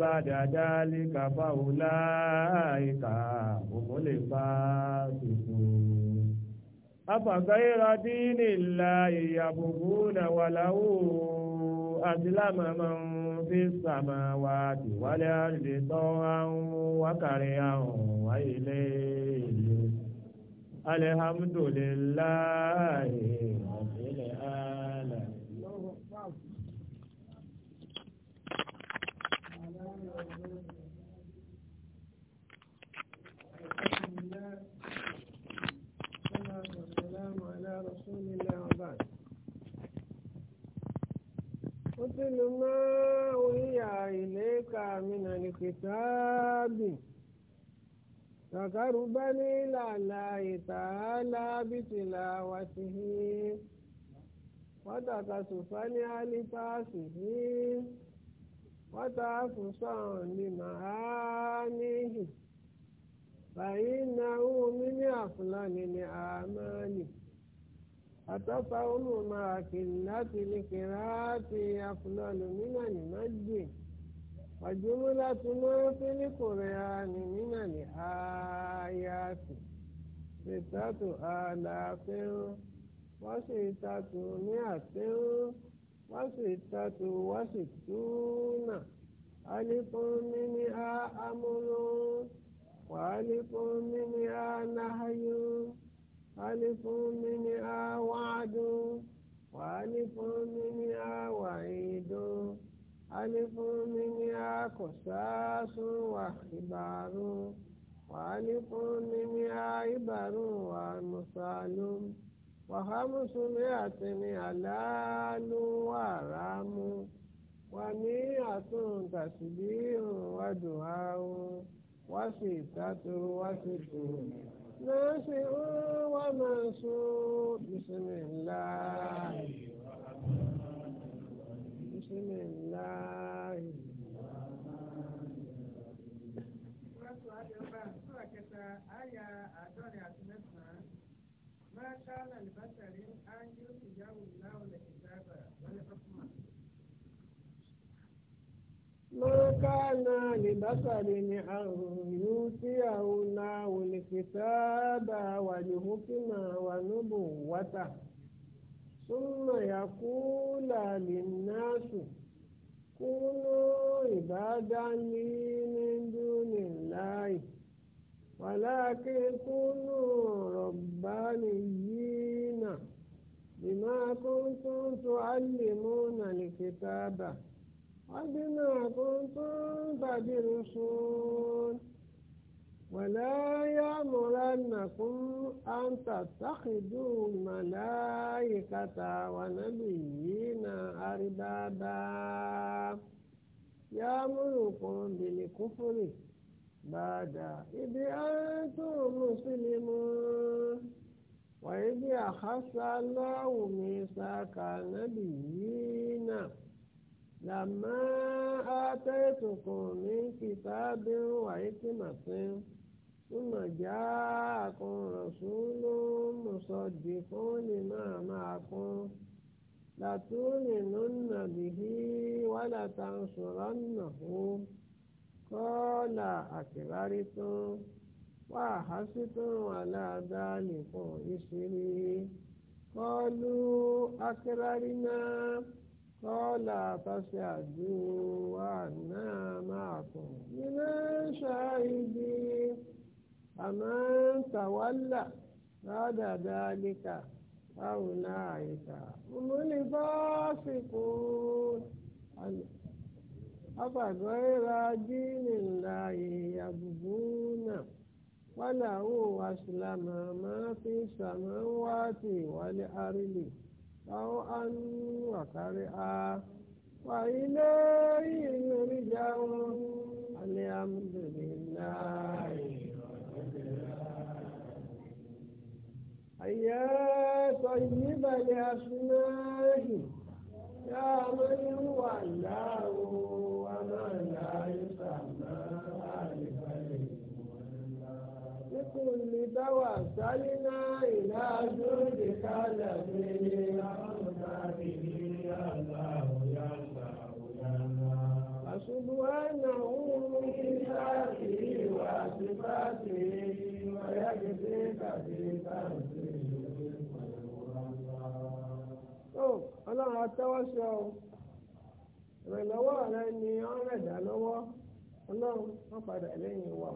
بعد ذلك فأولئك هم الفاسقون أفغير دين الله يبغون وله أسلم من في السماوات والأرض طوعا وكرها وإليه الحمد لله يتل ما أوحي إليك من الكتاب فقربني إلى الله تعالى بتلاوته وتكسفا لفاسه وتعفصا لمعانيه فإنه من أفضل الأعمال أتطعم مع قلة لقراءتي أفضل من المجد وجملة ما في القرآن من الآيات ستة آلاف وستة مئة وستة وستون ألف منها أمر وألف منها نهي ha anịpụmiri awadụ aịpụri awaedo aịpụmiri akụtụtụwarụ aịpụmiri aibarwatnụ wahamtụatụịalnụ waramụ nwaịatụ datiirụwadụahụ wafetatụ wafe ناشئ ومنصور بسم الله بسم الله ما كان البشر أن يرتجع كان لبشر أن يؤتيه الله الكتاب والحكم ونبوته ثم يقول للناس كونوا عبادا لي من دون الله ولكن كونوا ربانيين بما كنتم تعلمون الكتاب وبما كنتم تدرسون ولا يأمرنكم أن تتخذوا ملائكة ونبيين أربابا يأمركم بالكفر بعد إذ أنتم مسلمون وإذ أخذ الله ميثاق النبيين làmá àtẹ̀tùkùn ní kìtàbí wàyí tí mà sí túmọ̀ já àkùnràn sùn ló ń mùsọ̀dì fún lè máa máa kún لتؤمنن به ولتنصرنه قال أكبرتم وأحسنتم على ذلكم إسري قالوا أكررنا kọ́lá fásitì àdúrà náà máa kùn nínú ṣáàìdì àmọ́ tàwálà ládàdà àlíkà báwo náà àyíká òmùlí bọ́ọ̀sì kù àbàgọ́ ìra jíìnì ńlá ìyàbùbù náà wàlà ó àṣìlámà máa fi sàmà wá ti wálé àrílè báwo á ní. وكرها وإليه يرجعون الحمد لله يا طيب الأسماء يا من هو الله ومن لا يسمى بكل توسلنا إلى جودك الذي يا الله يا الله يا الله سبحانه من ذاته وصفاته ويجزي كثير ọlọ́run atẹ́wọ́sọ ìrànlọ́wọ́ rẹ ni ọ̀rọ̀ ẹ̀dá lọ́wọ́ ọlọ́run wọ́n padà lẹ́yìn wa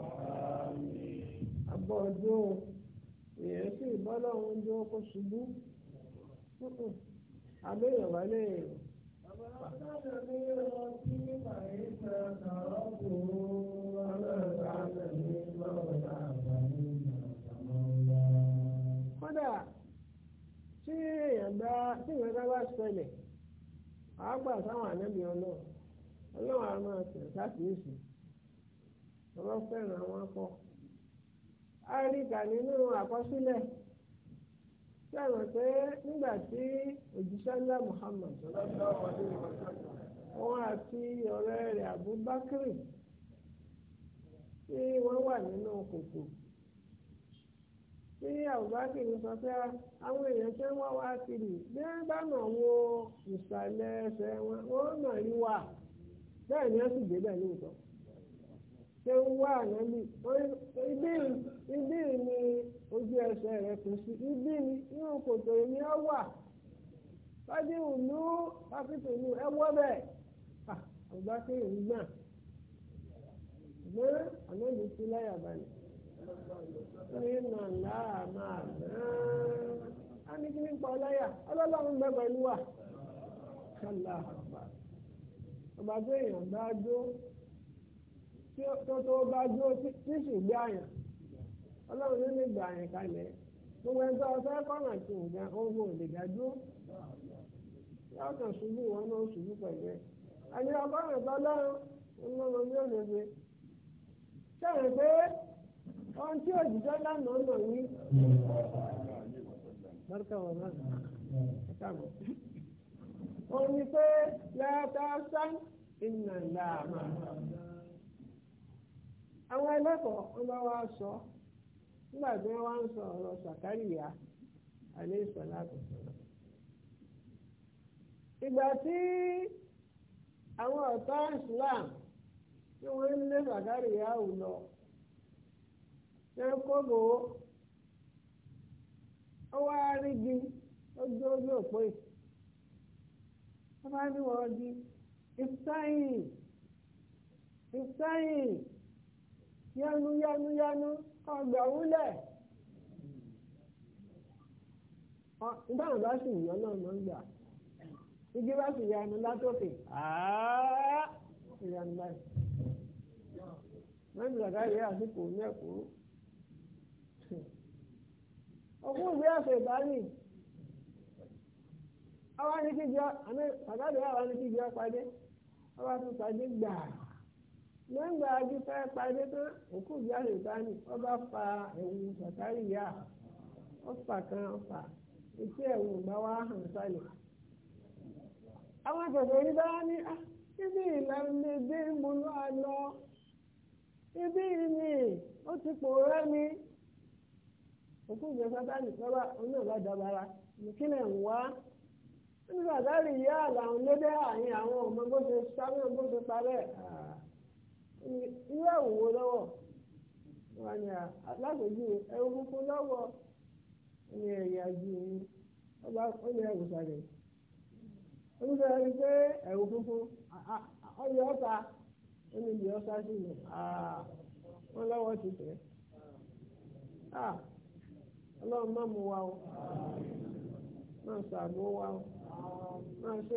abọ́ ọdún èèyàn sì bọ́lọ́run dúró kó ṣubú. àléèyàn wà léèyàn. kódà tí èèyàn bá tí ìwé bá bá ṣẹlẹ̀ àá gbà sáwọn ànábì ọlọ́run ọlọ́run àá máa tẹ̀ sáfìyèsí ọlọ́fẹ́ràn àwọn akọ. a rí kà nínú àkọsílẹ̀. sẹ́wọ̀n pé nígbà tí òjíṣẹ́ ńlá Muhammad wọn àti ọ̀rẹ́ rẹ̀ Abubakar tí wọ́n wà nínú kòtò tí Abubakar sọ pé àwọn èèyàn tí wọ́n wá kiri bí wọ́n bá nà wo ìsàlẹ̀ ẹsẹ̀ wọn wọ́n nà rí wà bẹ́ẹ̀ ni wọ́n sì débẹ̀ lóòótọ́ ṣé ń wá ànábì ibíì ni ojú ẹsẹ̀ rẹ̀ kù sí ibíì ni irun kòtò ni ó wà fádé òlú pápítì òlú ẹ wọ́ bẹ́ẹ̀ àgbà pé òun gbà gbọ́n ànábì sí láyà balẹ̀ nínú àláà máa gbọ́n á ní kí ní pa ọláyà ọlọ́lọ́run bẹ́ẹ̀ pẹ̀lú wa ṣọlá àgbà ọba tó èèyàn bá dó. tí ó tó bá dúró tí sì gbé àyàn ọlọ́run ló lè gbà àyàn kalẹ̀ gbogbo ẹni tó kọ́nà tí ò ga ohun ò lè dá yóò kàn ṣubú wọn náà ṣubú pẹ̀lú ẹ̀ àní ọgọ́rùn-ún tó lọ́rùn ọlọ́run pé ohun tí lánàá ní. àwọn ẹlẹ́kọ̀ọ́ wọn bá wá sọ nígbà tí wọ́n wá ń sọ ọ̀rọ̀ ìsọ̀lá ìgbà tí àwọn ọ̀tá Islam tí wọ́n ń lé sàkárìyà ò lọ ṣe ń ó wá rígi ó gbé ojú òpó yanu yanu yanu ọgbà wúlẹ̀ sì yọ náà máa ń gbà igi bá sì yanu látòkè mẹ́rin bàbá yẹ àsìkò mẹ́kọ̀ọ́ òkú ìwé ọ̀sẹ̀ ìbáyìí àwọn ní kíjọ àmì àwọn ní kíjọ pàdé àwọn tún pàdé gbàá. lẹ́gbà ajú fẹ́ parí tán òkú ìyáàlè ìbáni wọ́n bá fa ẹ̀wù sàtárì yá ọ̀fà kan ọ̀fà etí ẹ̀wù ìgbà wá hàn sálẹ̀. àwọn àgbẹ̀bẹ̀ orí bá ní ah, ibi ìlànà èdè mo lọ́ a lọ ibi ìní ó ti pòórá mi òkú ìgbà sátánì sọ́wọ́ oní ọ̀gá dabara ìkílẹ̀ ń wá nígbà sátánì yá àlàun lédè àyìn àwọn ọmọ bó ṣe sáré bó ṣe parẹ́ àà. Ah. irú àwòwò lọ́wọ́ wọn ni alágbèjú ẹrú funfun lọwọ? ọba ọ ẹ̀wùsàlẹ̀ olùsọ ẹni pé ẹ̀wù funfun ọyọ ọta ẹni ìdí ọta sí mi wọn lọ́wọ́ ti tẹ̀ ọlọ́run má mú wa o máa wa o máa ṣe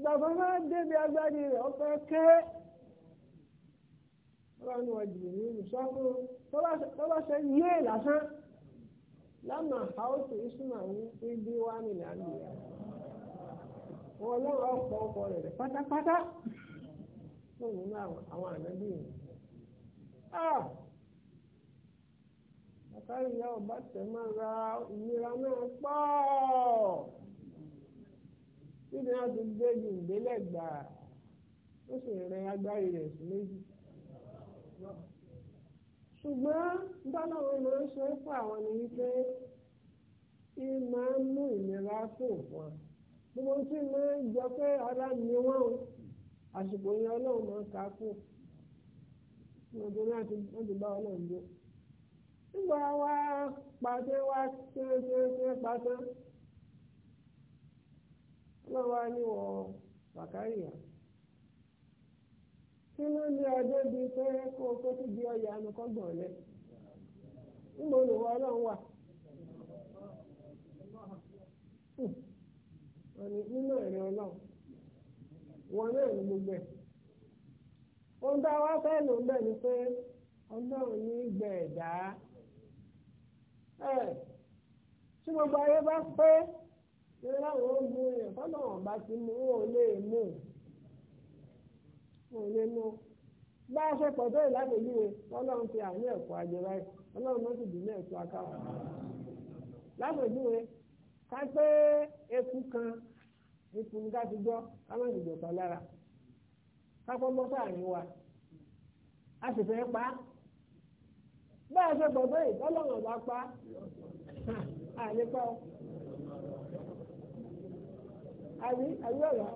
gbàgbọ́ debi débi agbárí rẹ̀ ọ̀pẹ ké ní wọ́n jìbìtì yé lásán isi àwòtò ìsúnmàwò ibi wà ní nàìjíríà wọn lọ́wọ́ ọ̀pọ̀ ọkọ̀ rẹ̀ pátápátá fún Ọ àwọn ànábì yìí. àkárí ìyá ọba tẹ̀ máa ra ìnira náà níbi wọn ti gbé ju ìgbélẹ̀gbàá ó sì rẹ agbárí rẹ̀ sí méjì. ṣùgbọ́n bọ́láwọn ló ń ṣe fún àwọn ni wípé kí máa ń mú ìnira fún wọn gbogbo tí máa ń jọ pé ara ni wọ́n o àsìkò yẹn ọlọ́run máa ń ka fún wọn tó náà ti wọ́n ti bá ọlọ́run jó. nígbà wá pàṣẹ wá ṣe ṣe ṣe pàṣẹ. náà wá níwọ̀ bàkárìyà kí ló ní pé kó o tó ọya ọyà anukọ́gbọ̀n lẹ nígbà wà ọ̀nì nínú ẹ̀rẹ̀ ọlọ́run wọn náà ní gbogbo ẹ̀ ohun tá a wá fẹ́ lò ń bẹ̀ ni pé ọlọ́run ní gbẹ̀ẹ̀dá ẹ̀ ìrora àwọn ogun rẹ̀ kọ́nà ọ̀bá ti mú wọn ò lè mú wọn ò lè mú bá a ṣe pọ̀ tó ìlàbẹ̀lúwe ọlọ́run ti àánú ẹ̀kọ́ àjẹrà ọlọ́run mọ́tò dì ní ẹ̀kọ́ akáwà lábẹ̀lúwe ká pé eku kan eku ká ti gbọ́ ká má dìbò kan lára ká pọ́ mọ́ sáàrin wa a sì fẹ́ pa á bá a ṣe pọ̀ tó ìtọ́lọ́run ọ̀bá pa á àlepa ọ àbí àbí ọ̀rọ̀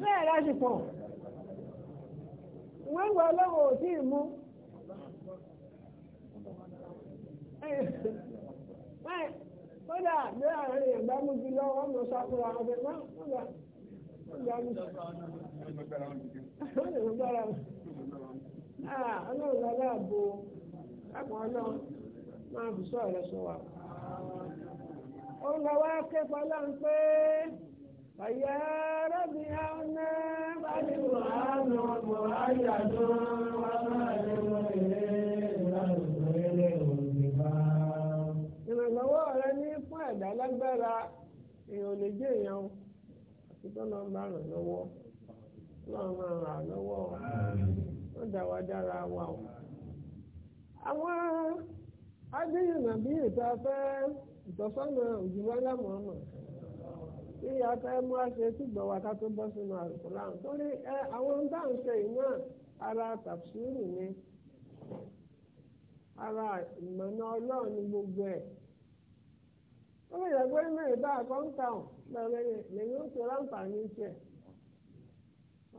bẹ́ẹ̀ lásìkò wíwọ ọlọ́wọ́ ò tí ì mú kódà bí àwọn èèyàn bá mú jù lọ́wọ́ mọ̀ sáfúra àwọn ọ̀fẹ́ máa ń gbà gbà mí. Ah, ọlọ́run lọ́lá bo kápọ̀ ọlọ́run máa bù sọ̀rọ̀ sọ wa. ó lọ wá ké fọlá ń pé ọ̀yà ọ̀nà bá wà á nà wà máa lè wọ ilé ìlànà ilé òní bá. ìrànlọ́wọ́ rẹ ní fún ẹ̀dá lágbára èèyàn lè jẹ́ èèyàn àti tó lọ́n bá ràn lọ́wọ́ máa ràn lọ́wọ́ dá wa dára wa o. àwọn ìta fẹ́. ìtọ́sọ́nà òjìwá tí a ẹ mú àṣẹ tìgbọ̀ wa ká tó bọ́ sínú àrùkù láwọn torí àwọn ohun ń ṣe ara tàfsírù ni ara ìmọ̀nà ọlọ́run ni gbogbo ẹ̀ ó lè yẹ pé lọ́rẹ́ lèyìn ó ti ráǹfààní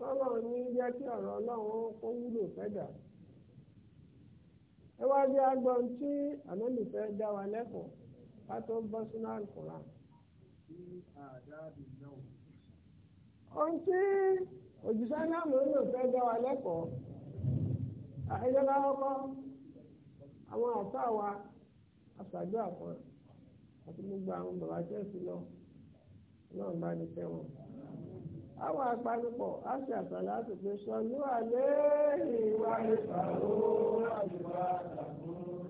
ọlọ́run ní jẹ́ kí ọ̀rọ̀ ọlọ́run ó wúlò fẹ́dà ẹ wá bí tí wa lẹ́kọ̀ọ́. ká tó bọ́ sínú alukoran. ohun tí òjíṣẹ́ náà ló lò fẹ́ dá wa lẹ́kọ̀ọ́ ìjọba ọkọ àwọn àṣà wa aṣáájú àfọn àti gbogbo àwọn bàbá ṣẹ́ẹ̀sì lọ náà bá ní fẹ́ wọn. àwọn apanupọ̀ á ṣe àṣàlá àti pé sọ ló wà lẹ́yìn ìwà àtàkùn.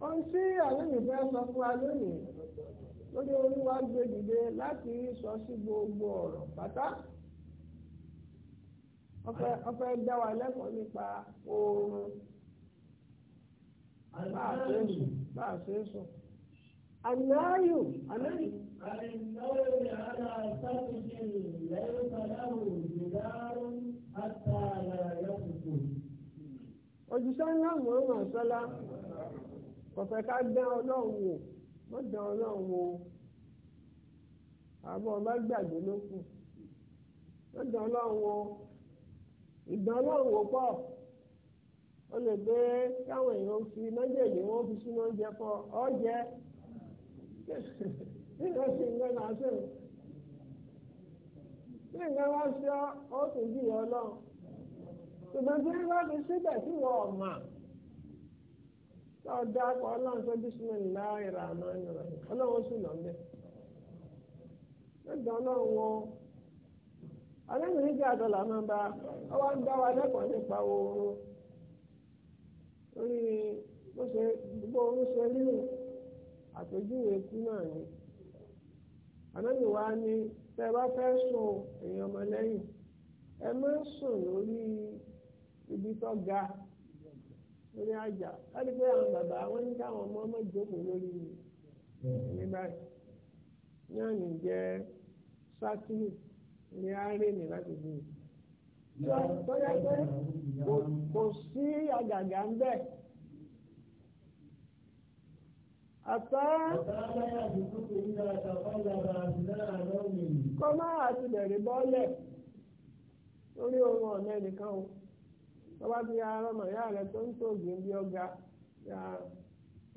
ohun tí àlóyìn fẹ́ sọ fún wa lónìí lórí olúwa gbé dìde láti sọ sí gbogbo ọ̀rọ̀ pátá ọfẹ dá wa lẹ́kọ̀ọ́ nípa oorun bá a ṣe sùn bá a ṣe sùn. àlàyò àlàyò. àìnáwó ni àná sábìjì lẹ́yìn pàdánù ìdáhùn àtàlàyé. òjíṣẹ́ ńlá mọ̀ọ́mọ̀ sọ́lá kọ̀fẹ́ ká dán ọlọ́run wò wọ́n dán ọlọ́run gbàgbé ló kù pọ̀ ó lè gbé káwọn èèyàn fi méjèèjì wọn fi sínú oúnjẹ kí ló ṣe ń kí wá ṣùgbọ́n tí wọ́n bá fi síbẹ̀ tí wọ́n ọ̀mà ọ̀dà akọ ọlọ́run tó bísímọ̀ nílá ìrà àmọ́ ìrà ọlọ́run sì lọ mẹ́. lọ́dọ̀ ọlọ́run wọn ọlọ́run níjà àdọ́là máa bá ọwọ́ ń wa lẹ́kọ̀ọ́ nípa bó ṣe ṣe rí àpèjúwe kú náà ni. wa ni tẹ́ ẹ bá fẹ́ sùn èèyàn ẹ sùn lórí ibi tó ga lórí àjà láti pé àwọn bàbá wọn ní káwọn ọmọ ọmọ ìjókòó lórí ní báyìí náà ní jẹ sátìrì ní àárẹ̀mí láti bí i tó pé kò sí àgàgà ń bẹ̀. Àtá kọ́ àti bẹ̀rẹ̀ bọ́lẹ̀ lórí ohun ọ̀nà ẹnìkan o. tọ́ba ya ọmọ ìyá rẹ tó ń tòògùn bí ọ̀gá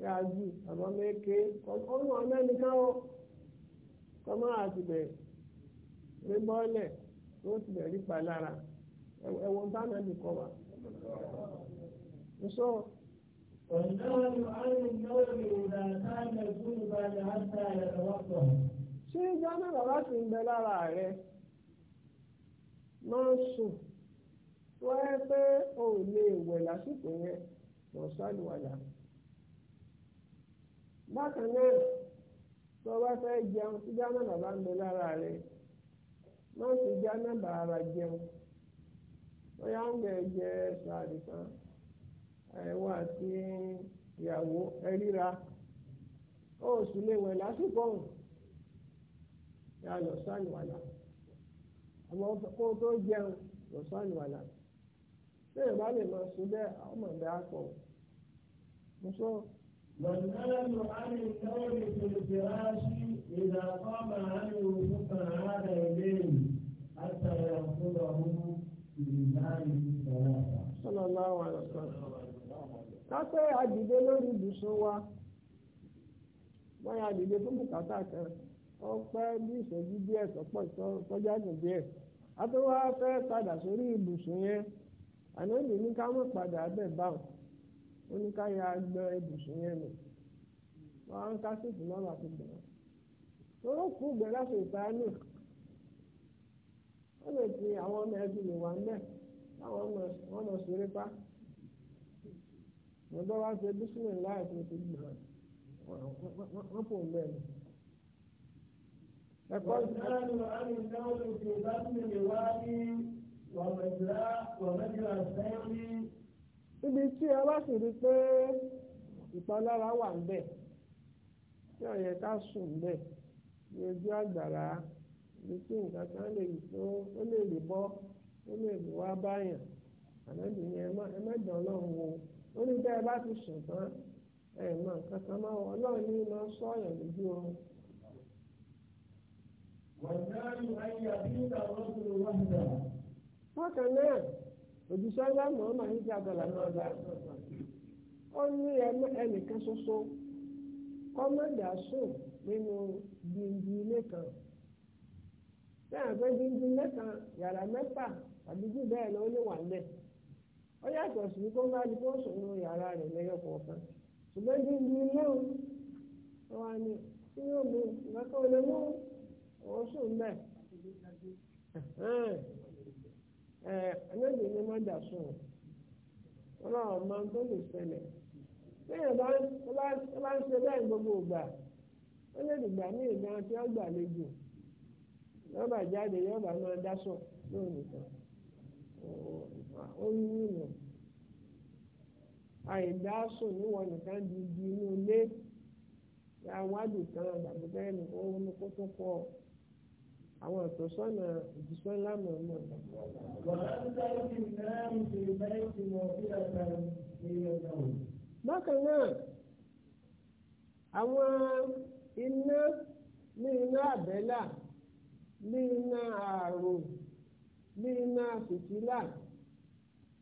yáa jù àmọ́ méke ọmọ ọlẹ́ni káwọ́ kọ́mọ́ àtìbẹ̀ rí bọ́ọ̀lẹ̀ tó ti bẹ̀ rí pa lára ẹ̀wọ̀n táwọn ẹni kọ wa. Nso. Ṣé ìjọba bàbá ti ń bẹ lára rẹ̀? Máa ń sùn. wọ́n rẹ́ pé o lè wẹ̀ lásìkò yẹn lọ sálùwàlà. bákan náà tó bá fẹ́ jẹun tí jáná bàbá ń bẹ lára rẹ̀ má sì jáná jẹun ń jẹ kan àti ìyàwó ó sì lè wẹ̀ lásìkò yà lọ kó tó jẹun lọ bẹ́ẹ̀ عن النوم في الفراش إذا قام عنه فقعد إليه حتى يأخذه في النار ثلاثة. صلى الله عليه وسلم. ká pé àdìde wa fún bí ìṣẹ́jú díẹ̀ díẹ̀ a tó wá fẹ́ padà sórí ibùsùn yẹn. ànábì ní ká mọ̀ padà bẹ̀ báwọn ó ní ká ya gbọ́ ibùsùn yẹn nù wọ́n á ń ká síìtì lọ́wọ́ àti gbọ̀n. lọ́wọ́ kú gbẹ̀rẹ́ aṣọ ìtaánù ó lè fi àwọn ọmọ ẹbí lè wà mẹ́ táwọn ọmọ ṣeré pa lọ́dọ̀ wá ṣe bísímì láì fún ti gbọ̀n wọ́n pò ń bẹ̀ ni. ẹ̀kọ́ ìtaánù àmì ìdáhùn ìgbè bá tún lè Ibi tí a bá sì rí pé ìpalára wà ń bẹ̀, tí ó yẹ ká sùn ń bẹ̀, ní ojú àgbàrá, ibi tí nǹkan kan lè tó ó lè lè bọ́, ó lè lè wá báyàn, ànábì ni ẹ má dán ọlọ́run wo. Ó ní bẹ́ẹ̀ bá ti sùn tán, ẹ mọ̀ nǹkan kan máa wọ, ọlọ́run ní máa sọ ọ̀yàn lójú oorun. Wọ̀nyí á ayé àbí ìgbà wọ́n ti lè bákan náà òjíṣẹ́ ńlá mọ̀ọ́mà ní ìjàgbọ́là náà a ó ní ẹnìkan ṣoṣo kọ́mọ̀dà sùn nínú gbìngì ilé kan bẹ́ẹ̀ pé gbìngì ilé kan yàrá mẹ́fà tàbí jù bẹ́ẹ̀ lọ ó wà ńbẹ̀ ó yàtọ̀ sí kó bá di kó sùn nínú yàrá rẹ̀ lẹ́yọ̀ kọ̀ọ̀kan ṣùgbọ́n ilé ẹ ẹlẹ́yìn ni wọ́n dà sùn ọlọ́run máa ọmọ tó lè ṣẹlẹ̀ lẹ́yìn bá ń ṣe bẹ́ẹ̀ gbogbo ìgbà ó lè dìgbà ní ìgbà tí gbà jáde máa dá sùn nìkan ó àìdásùn níwọ̀n nìkan di inú ilé ìyá wádìí kan àgbàdo bẹ́ẹ̀ ó kó tó pọ̀ àwọn ìtọ́sọ́nà ìjíṣẹ́ ńlá na náà. bákan náà àwọn iná ní iná àbẹ́là ní iná ààrò ní iná fìtílà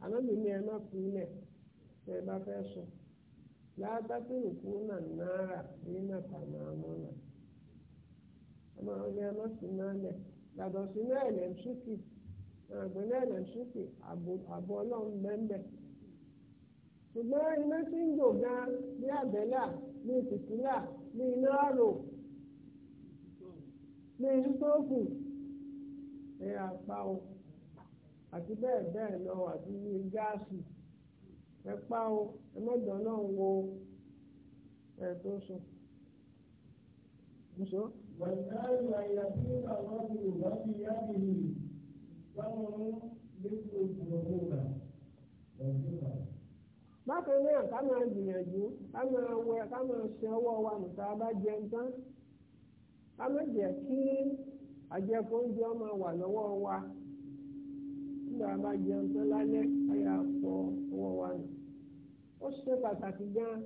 ànábì ní ẹ má tẹ́ ẹ bá fẹ́ sùn láàbá tó ìkú náà náírà ní nàfàmà àmọ́ náà. ọmọ ọlẹ́ ọmọ sì máa lẹ̀ yàtọ̀ sínú ẹ̀lẹ́mṣúkì ẹ̀gbẹ́lẹ́ ẹ̀lẹ́mṣúkì àbọ̀ ọlọ́run bẹ́ẹ̀ ṣùgbọ́n iná tí ń jò gan bí àbẹ́là bí tìtìlà bí iná àrò bí sítóòfù ẹ̀ apá o àti bẹ́ẹ̀ bẹ́ẹ̀ lọ àti bí gáàsì ẹ pa o ẹ mọ́jọ náà wo ẹ̀ tó sùn. والثاني أن يكون الرجل وبيده ثمر مثل الذنوب والجبر bákan náà ká máa gbìyànjú ká máa wẹ ká máa ṣe ọwọ́ wa nùtà bá jẹun tán ká má jẹ́ kí àjẹkù oúnjẹ máa wà lọ́wọ́ wa nígbà bá jẹun tán lálẹ́ káyà fọ ọwọ́ wa nù. ó ṣe pàtàkì gan-an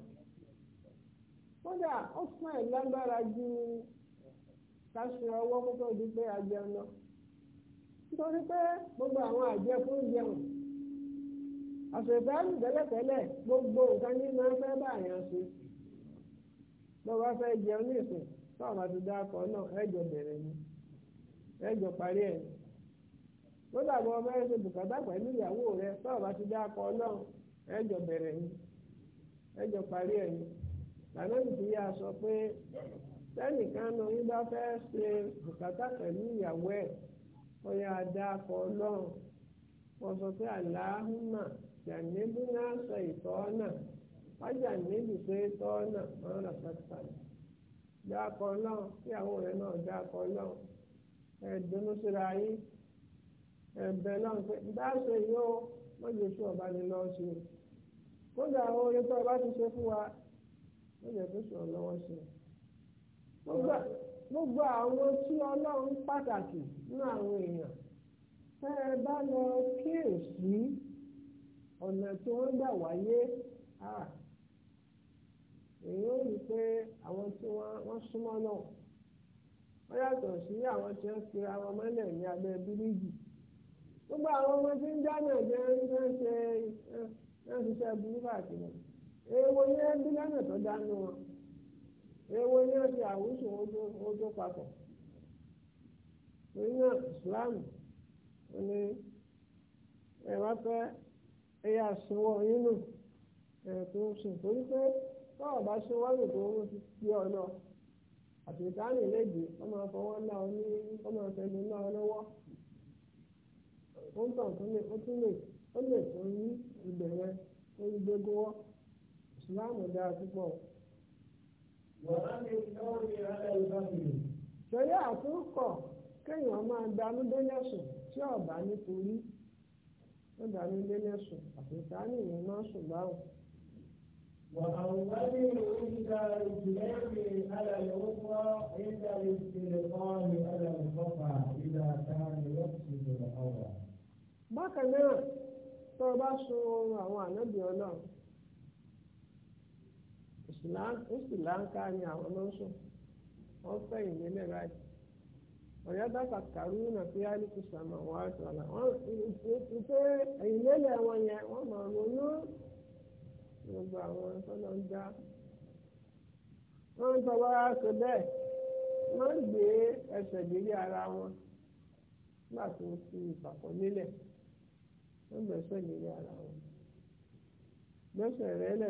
kódà ó fún ẹ̀ lágbára ju ka ṣe ọwọ́ púpọ̀ ju a jẹun lọ nítorí pé gbogbo àwọn àjẹ fún jẹun àṣetánù tẹ́lẹ̀tẹ́lẹ̀ gbogbo nǹkan ní máa fẹ́ bá àyàn ṣe lọ́wọ́ fẹ́ jẹun ní ìsìn táwọn àti dákọ̀ náà ẹ̀jọ̀ bẹ̀rẹ̀ ni ẹ̀jọ̀ parí ẹ̀ ló ọmọ ṣe bùkátà pẹ̀lú ìyàwó rẹ àti náà bẹ̀rẹ̀ ni parí sẹ́nìkan nu yín bá fẹ́ ṣe bùkátà pẹ̀lú ìyàwó ẹ̀ ọyà àdàkọ ọlọ́run wọ́n pé náà náà wájà níbi tọ́ náà rà dàkọ ìyàwó náà dàkọ síra yín náà pé bá ṣe yóò wọ́n lè fún ọba ní lọ́ọ́ ṣe kódà ọba ti ṣe fún wa gbogbo àwọn tí ọlọ́run pàtàkì nínú àwọn èèyàn tẹ́ ẹ bá lọ kíyèsí ọ̀nà tí wọ́n gbà wáyé èyí ó rí i pé àwọn tí wọ́n súnmọ́ náà wọ́n yàtọ̀ sí àwọn tí wọ́n fi ara mọ́lẹ̀ ní abẹ́ bíríìjì gbogbo àwọn ọmọ tí ń dáná jẹ́ ṣe ṣiṣẹ́ burúkú àti wọn èèwọ̀ ni bí lọ́nà tó dáná wọn. ewe onye ti àwùjọ ojú patọ onye Islam ní ẹ wá fẹ́ ẹ yà sọwọ́ nínú ẹ tó ń sùn torí pé tọ́wọ́ bá sọwọ́ nù tó ń fi ọ lọ àtìkáàní léde wọ́n ọ ọ Islam dị akwụkwọ. sọ̀rọ̀ àtúnkọ̀ kéèyàn máa gbanú délẹ̀sùn tí ọ̀bá nítorí ó gbanú délẹ̀sùn àtúntà nìyẹn náà sùn báwò. وأولي عند رجلين على الأخرى bákan náà tó o bá sun àwọn ọlọ́run Sri Lanka ni àwọn ló ń sùn wọ́n fẹ̀yìn lélẹ̀ báyìí ọ̀yọ́dá kàkàrú nà fi áìlìkù sàmà wọ́n á wọ́n wọn yẹn wọ́n mọ̀ ronú gbogbo àwọn sọ́nà ń dá wọ́n ń bẹ́ẹ̀ wọ́n ń gbé ẹsẹ̀ ara wọn nígbà tó fi ìpàkọ́ ara wọn rẹ̀ lẹ̀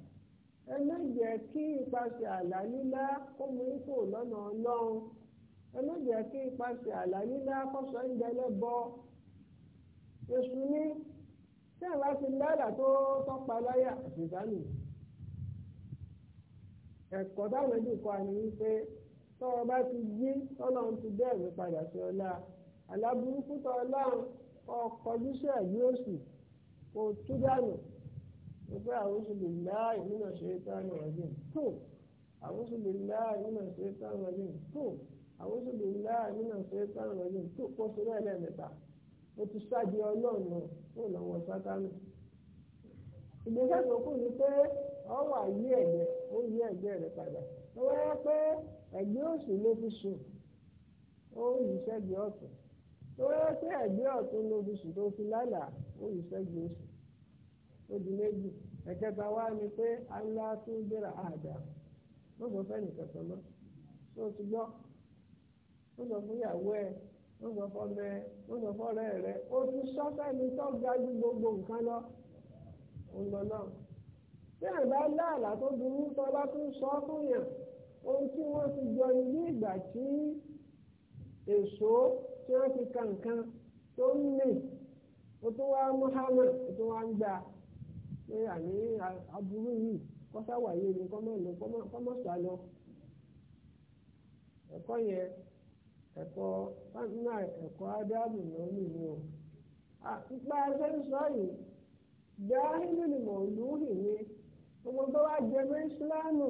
ẹ má jẹ́ kí ipasẹ̀ àlá lílá kó mú ipò lọ́nà ọlọ́run ẹ má jẹ́ kí ipasẹ̀ àlá lílá kó sọ ń jẹlẹ́ bọ́ èṣù ní tí ẹ̀ bá ti lára tó tọ́pa láyà àṣìṣánù ẹ̀kọ́ táwọn ẹbí kọ́ àní wípé tọ́ ọ bá ti jí tọ́lọ́run ti bẹ́ẹ̀ mi padà sí ọlá aláburúkú tọ́ ọlọ́run ọkọ̀ ojúṣe ẹ̀mí òsì kò tú dànù pé àwùjọ lè láàyè nínú ṣètàn rajim tó àwùjọ lè láàyè nínú ṣètàn rajim tó àwùjọ lè láàyè nínú ṣètàn rajim tó pọ̀ sí lẹ́ẹ̀mẹ́ta ó ti ṣáàjì ọlọ́run ó lọ́wọ́ sátánù ìgbésẹ̀ tó kù ni pé ọwọ́ àyè ẹ̀jẹ̀ ó yí ẹ̀jẹ̀ rẹ̀ padà tó wáyé pé ẹ̀gbẹ́ òsì ló fi sùn ó yí sẹ́gbẹ̀ẹ́ ọ̀tún tó wáyé pé ẹ̀gbẹ́ ọ̀tún ló fi sùn tó fi lálàá ó yí sẹ́gbẹ̀ẹ́ òsì ó di méjì ẹ̀kẹta wá ni pé alá tún bẹ̀rẹ̀ àdá ó sọ fẹ́ nìkan kan mọ́ tó ti gbọ́ ó sọ fún ìyàwó ẹ̀ ó sọ fọ́mọ ẹ̀ ó sọ fọ́rẹ́ rẹ̀ ó tún sọ́fẹ́ni tó ga ju gbogbo nǹkan lọ òun lọ náà bí àbá láàlà tó burú tó bá tún sọ fún yàn ohun tí wọ́n ti jọ ní ìgbà tí èso tí wọ́n ti ka nǹkan tó ń mì ó tún wá mú hámà ó tún wá ń gbà pé àní aburú yìí kọ́sáwáyé ni kọ́mọ̀lù kọ́mọ̀sá lọ. ẹ̀kọ́ yẹn ẹ̀kọ́ náà ẹ̀kọ́ ádámù náà nìyí o. ipa ẹgbẹ́nsọ́ yìí jáhìlì ni mọ̀ọ́lùhì ni ọmọ tó wá jẹ mọ́ ìsìláàmù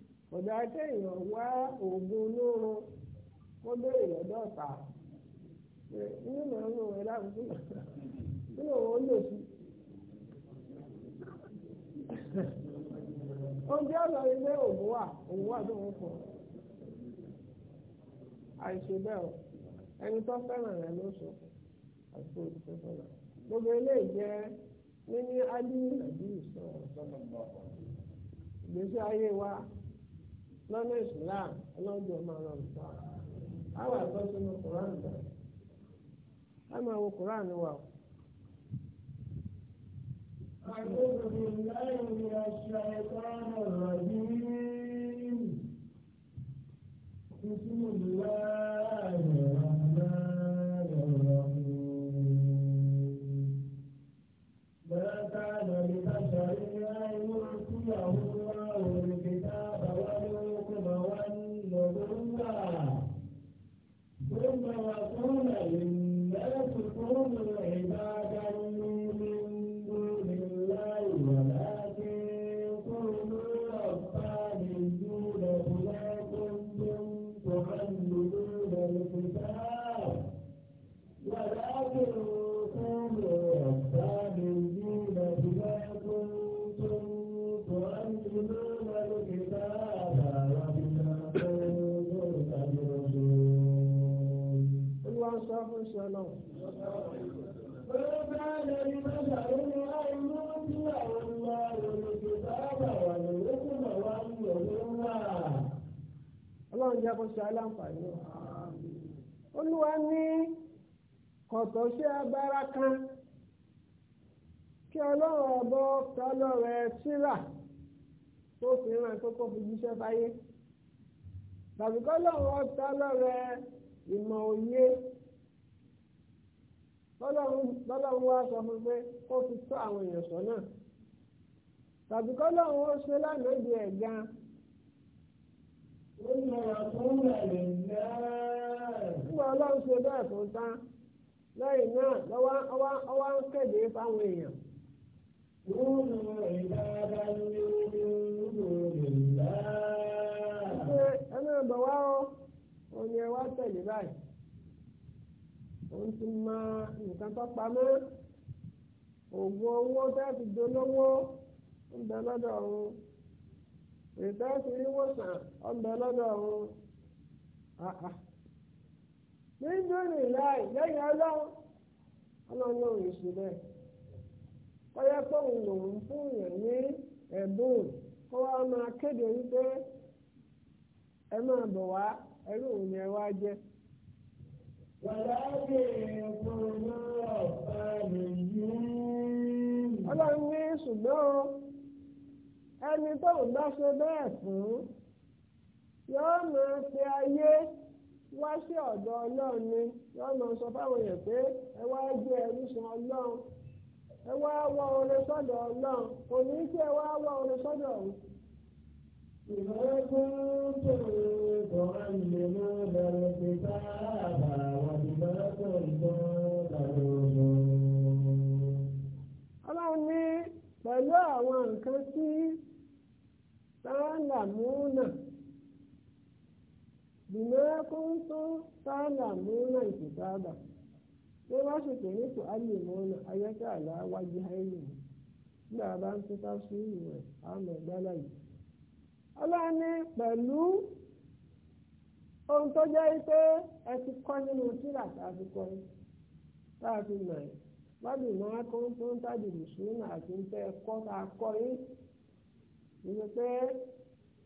ọ̀dà kéèyàn wá ògùn olóró wọ́n béèrè ìrọ̀dọ̀ ọ̀tà nínú ìrànlọ́wọ́ rẹ̀ láwùjọ kí ló wọ́n lò sí. ilé wà wà tó pọ̀ àìṣe bẹ́ẹ̀ o ẹni tó fẹ́ràn rẹ̀ ló sọ àti olùkọ́ fẹ́ràn gbogbo eléyìí jẹ́ wa. lọ́nà islam ọlọ́jọ́ máa rọ nǹkan àwọn àtọ́sí ní koran bẹ̀rẹ̀ ká máa wo koran wà o. ṣe aláǹfààní olúwa ní kọ̀tọ̀ ṣe agbára kan kí ọlọ́run ọ̀bọ tọ́lọ́rẹ̀ síra tó fi ràn tó kọ́ fi jíṣẹ́ fáyé tàbí kọ́lọ́run ìmọ̀ òye lọ́lọ́run wá sọ fún pé kó fi àwọn èèyàn Nígbà ọlọ́run ṣe bẹ́ẹ̀ fún tán, lẹ́yìn náà lọ́wọ́ ń kéde fáwọn èèyàn. Ẹ náà bọ̀ wá o, òun yẹn tẹ̀lé báyìí. Òun ti mọ nǹkan tó pamọ́. owó dolówó ń bẹ lọ́dọ̀ ìtẹ́sí ìwòsàn ọ̀bẹ lọ́dọ̀ ọ̀hún nínú ìláì lẹ́yìn ọlọ́run ọlọ́run náà yìí sí bẹ́ẹ̀ kọ́yá lòun fún yẹn ní ẹ̀bùn kó wá máa kéde wípé ẹ máa bọ̀ wá ẹrú òun ni ẹ wá jẹ́. ọlọ́run ní ṣùgbọ́n. ẹni tó ń bá ṣe bẹ́ẹ̀ fún yóò máa pe ayé wá sí ọ̀dọ̀ ọlọ́run ni yóò máa sọ fáwọn èèyàn pé ẹ wá jẹ́ ẹrúsàn ọlọ́run ẹ wá wá orin sọ́dọ̀ ọlọ́run òní tí ẹ wá wá orin sọ́dọ̀ òun. ìfọwọ́kún tó bọ̀ ló bẹ̀rẹ̀ wà pẹ̀lú àwọn nǹkan tààlàmúnà bìmọ́kúntó tààlàmúnà ìtìsáàbà tó bá ṣe pé ní kò alìmọ́nà ayẹ́kẹ́ àláwájú haínì nígbà bá ń tó ohun tó jẹ́ pé ẹ ti kọ́ nínú tíra tá a fi kọ́ tá fi àti ń tẹ́ kọ́ yín. ìyẹn pé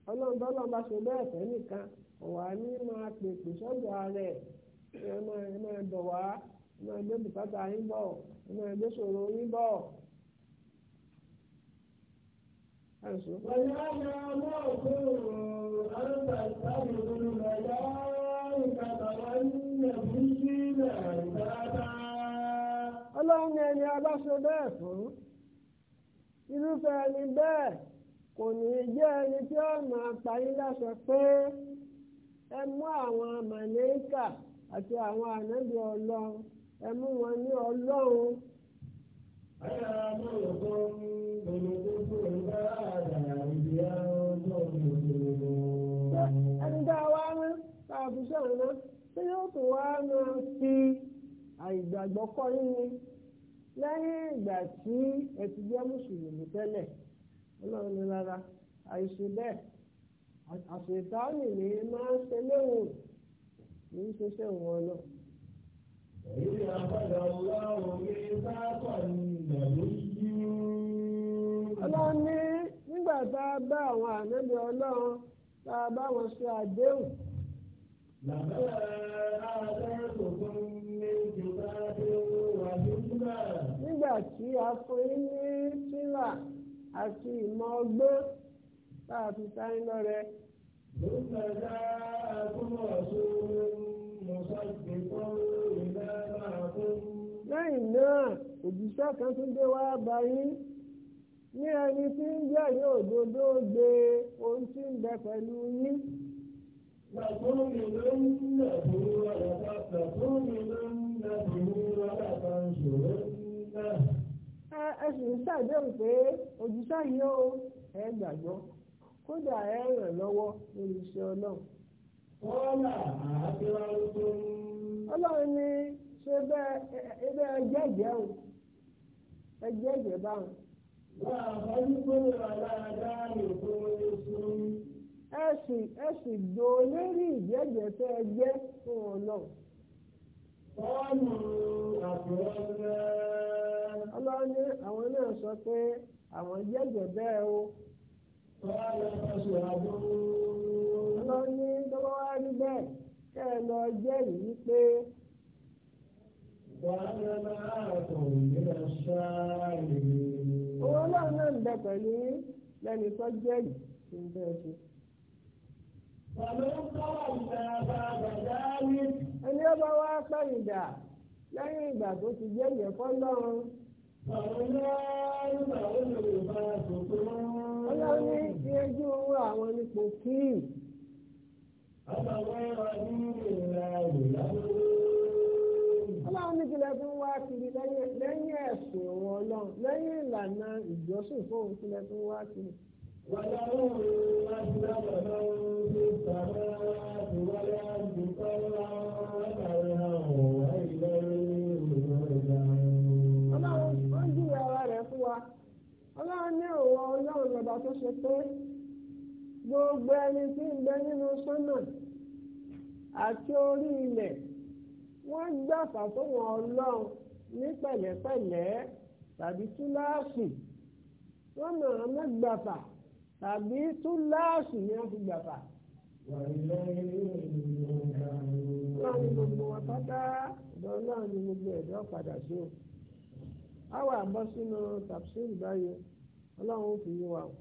ọlọ́run bá ṣe bẹ́ẹ̀ fẹ́ nìkan ọ̀wà ní máa pèpè sọ́dọ̀ ààrẹ ẹ máa dọ̀ wá ẹ máa gbé bùkátà yín bọ̀ ẹ máa gbé ṣòro yín bọ̀. Ọlọ́run ni ẹni abáṣe bẹ́ẹ̀ fún irúfẹ́ ẹni kò ní jẹ́ ẹni tí ó máa parí láṣọ pé ẹ mú àwọn màlẹ́kà àti àwọn ànábì ọlọ ẹ wọn ní ọlọ́run. Ayọ̀ amọ̀lọ́gbọ́ gbọ̀lọ́gbọ́ fún ọ̀gá àdàrà ìdí àrọ́gbọ́ gbọ̀lọ́gbọ́. Ẹni tá a wá rán tí yóò tún wá fi àìgbàgbọ́ kọ́ yín lẹ́yìn ìgbà tí ọlọ́run ní rárá àìsí bẹ́ẹ̀ àṣetánì ní máa ń ṣe ní í ṣe wọn náà. èyí àpàdà ọlọ́run ní sáàpà ní ọlọ́run ní nígbà tá a bá àwọn ànábì ọlọ́run tá a bá wọn ṣe àdéhùn. làbẹ́ àtẹ́kùn fún mi jù bá wà nígbà. nígbà tí ní àti ìmọ̀ ọgbọ́n tá a fi sáyé lọ́rẹ. ló ń tẹ̀lé àkúmọ̀ tó mọ̀ṣáàgbé kan ìlẹ́ máa fún. lẹ́yìn náà òjíṣẹ́ kan tún dé wá bá yín ní ẹni tí ń jẹ́ ní òdodo gbé ohun tí ń bẹ pẹ̀lú yín. Làbúrò mi ló ń lẹ̀bùrú ọ̀dà kan, mi ló ń lẹ̀bùrú ọ̀dà kan ṣòro ń lẹ̀. ẹ sì ń ṣàdéhùn pé òjíṣẹ́ yìí ó ẹ gbàgbọ́ kódà ẹ ràn lọ́wọ́ lórí iṣẹ́ ọlọ́run. ọlọ́run ní ṣe bẹ́ẹ̀ ẹ jẹ́jẹ́ o ẹ jẹ́jẹ́ báwọn. ẹ sì ẹ sì gbó lérí ìjẹ́jẹ́ tẹ́ ẹ jẹ́ fún bá ní àwọn náà sọ pé àwọn jẹ́jẹ́ bẹ́ẹ̀ o. lọ ní lọ́wọ́ wá rí bẹ́ẹ̀ kẹ́ ẹ lọ jẹ́rìí wípé. wàhálà máa kọ̀ nígbà ṣáà yìí. owó náà náà ń bẹ pẹ̀lú lẹ́ni tó jẹ́rìí tí ń bẹ́ẹ̀ ṣe. Ẹni ọba wa pẹ̀yìndà lẹ́yìn ìgbà tó ti jẹ́ ìyẹ̀fọ́ lọ́run. Ọlọ́run ní ti ojú owó àwọn nípò kí. Ọlọ́run ní kílẹ̀ fún wá kiri lẹ́yìn ẹ̀sìn òun ọlọ́run lẹ́yìn ìlànà ìjọsìn fóun kílẹ̀ fún dábàá lọ́wọ́ ń gbé sàrá àti wáyà ń gbé sọ́wọ́. ṣe pé gbogbo ẹni tí ń bẹ nínú sọ́nà àti orí ilẹ̀ wọ́n gbà fàtọ́wọ̀n ọlọ́run ní pẹ̀lẹ́pẹ̀lẹ́ tàbí túláàsì wọ́n náà mẹ́gbàfà tàbí túláàsì ni wọ́n fi gbàfà. Ọlọ́run ni gbogbo wọn pátá ọ̀dọ̀ ọlọ́run ni gbogbo ẹ̀dọ́ padà sí o. Àwọn àbọ̀ sínú tàbí sí ìbáyé ọlọ́run ó fi yé wa o.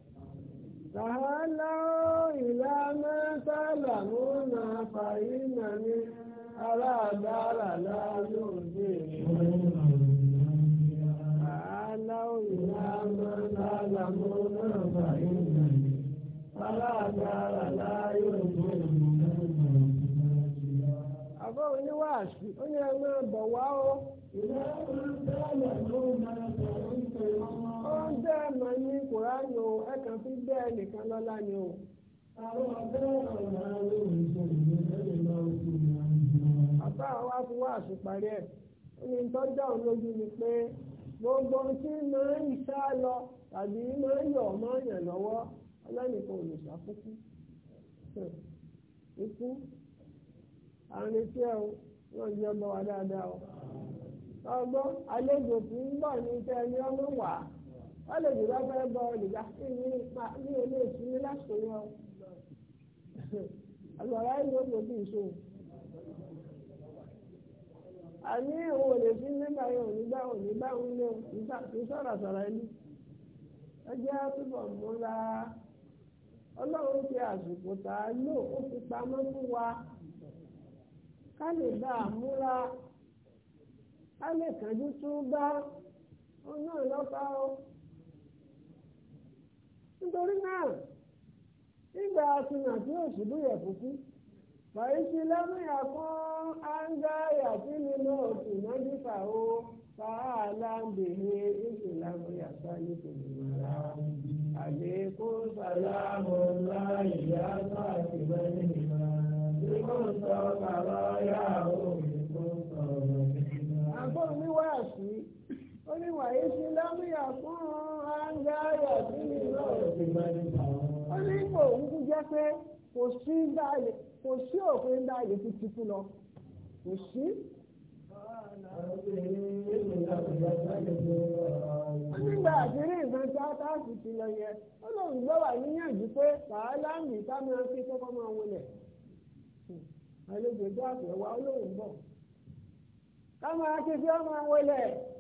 تعالوا إلى ما تعلمون فإنني أرى دار لا يؤذيني تعالوا إلى ما تعلمون فإنني أرى دار لا يؤذيني nìkan lọ́lá ni o. bàbá wa fún wa àṣùparí ẹ̀ ó ní tọ́jú àwọn lójú ni pé gbogbo tí máa ń sá lọ tàbí máa ń yọ̀ máa yàn lọ́wọ́ ọlọ́nìkan ò ikú àrùn ẹ o wa dáadáa o àlejò bọ̀ ní ẹni wọ́n lè jù bá fẹ́ bọ olùgbà sí ní ipa ní ilé ìsinmi lásìkò yẹn àgbàrá yìí ó gbòdì ìṣòwò. àní òun ò lè fi nígbà yẹn òní bá òní bá òun lé o kì í sọ̀rọ̀ sọ̀rọ̀ ẹni. ẹ jẹ́ túbọ̀ múra ọlọ́run fi àsìkò tá a lò ó fi pamọ́ fún wa ká lè bá a múra ká lè kánjú tún bá òun náà lọ́pàá o nítorí náà nígbà asinà tí òṣìlú yẹ fúkú fàyíṣi lámìyà fún ángáyà tí nínú òsì mọ́jífà o fàálà ń bèèrè ìṣèlámù yàtọ̀ nítorí mọ́ra àlékún sàlámù láì yàtọ̀ àti mẹ́rin ìmọ̀ ìkún sọ bàbá yà ó ìkún sọ̀rọ̀ nígbà. àbọ̀ mi wá sí i. ó isi wàyí sí lámúyà fún áńgáyà sí ìlú ó ní kò ń jẹ́ pé kò sí òfin fi ti lọ kò sí. ó nígbà àṣírí ìbọn tí ti lọ yẹ ó lóun gbọ́ wà níyànjú pé sàálà ń bì ká máa kọ́kọ́ máa wọlé àlejò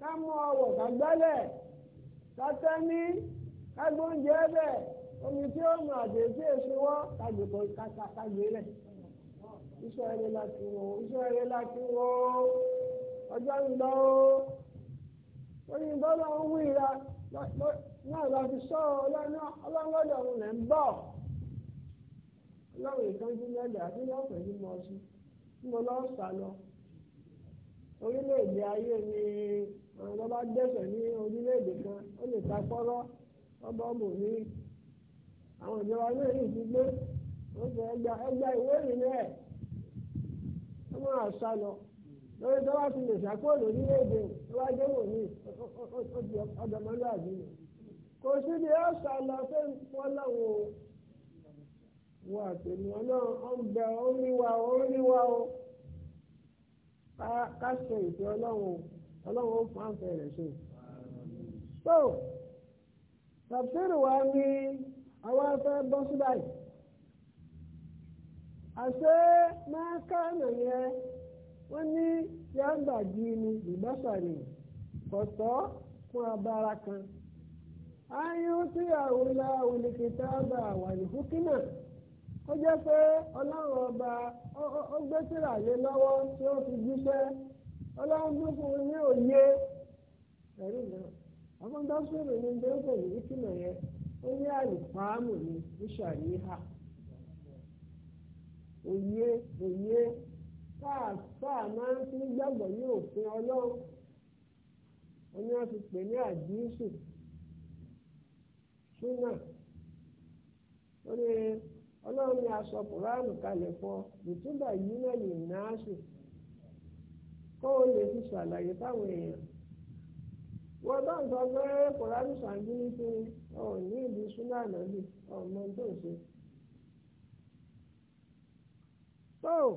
ká mú ọwọ̀ ká gbẹ́lẹ̀ ká tẹ́ní ká omi tí ó mú àdéhùn èso wọ́ ká gbèkọ̀ iṣẹ́ eré láti wò iṣẹ́ eré láti wò ọjọ́ ń lọ ó bọ́lá ń wí ra náà lọ fi sọ rẹ̀ ń bọ̀ ọlọ́run sí mo lọ́ọ́ lọ. orílẹ̀-èdè ayé ni àwọn ọba dẹ́sẹ̀ ní orílẹ̀-èdè kan ó lè ta kọ́rọ́ ọba ọmọ mi àwọn ìjọba náà yìí ti gbé wọ́n fẹ́ ìwé ìrìnnà ẹ̀ wọ́n máa sá lọ lórí tó bá ti lè ṣàkóso èdè tó bá wò ní kò sí ni ó ká ṣe ìfẹ́ ọlọ́run ọlọ́run ó fún àǹfẹ́ rẹ̀ so tàbísírì wa ní àwa fẹ́ bọ́ sí báyìí. àṣé máa ká nàyẹn wọ́n ní yàgbàjì ni ìbáṣà ni kọ̀tọ́ fún abara kan. ayé ó ti àwòlá olùkìtà wà ní fúkínà. ó jẹ́ pé ọlọ́run ọba ó gbé tìràyé lọ́wọ́ tí ó fi jíṣẹ́ ọlọ́run tó fún un ní òye ẹ̀rí náà àwọn dókítà ní ní yẹn ó ní ní òye òye máa ń fi gbàgbọ́ ní òfin ọlọ́run ó ní ti pè ní ó ní. ọlọ́run ni a sọ kùránù kalẹ̀ fún ìtúbà yìí náà o lè fi ṣàlàyé fáwọn èèyàn wọ́n bá ń sọ pé kùránù sàǹdí ní pé ọ̀ ní ìlú ọmọ tó ń ṣe. tó ọ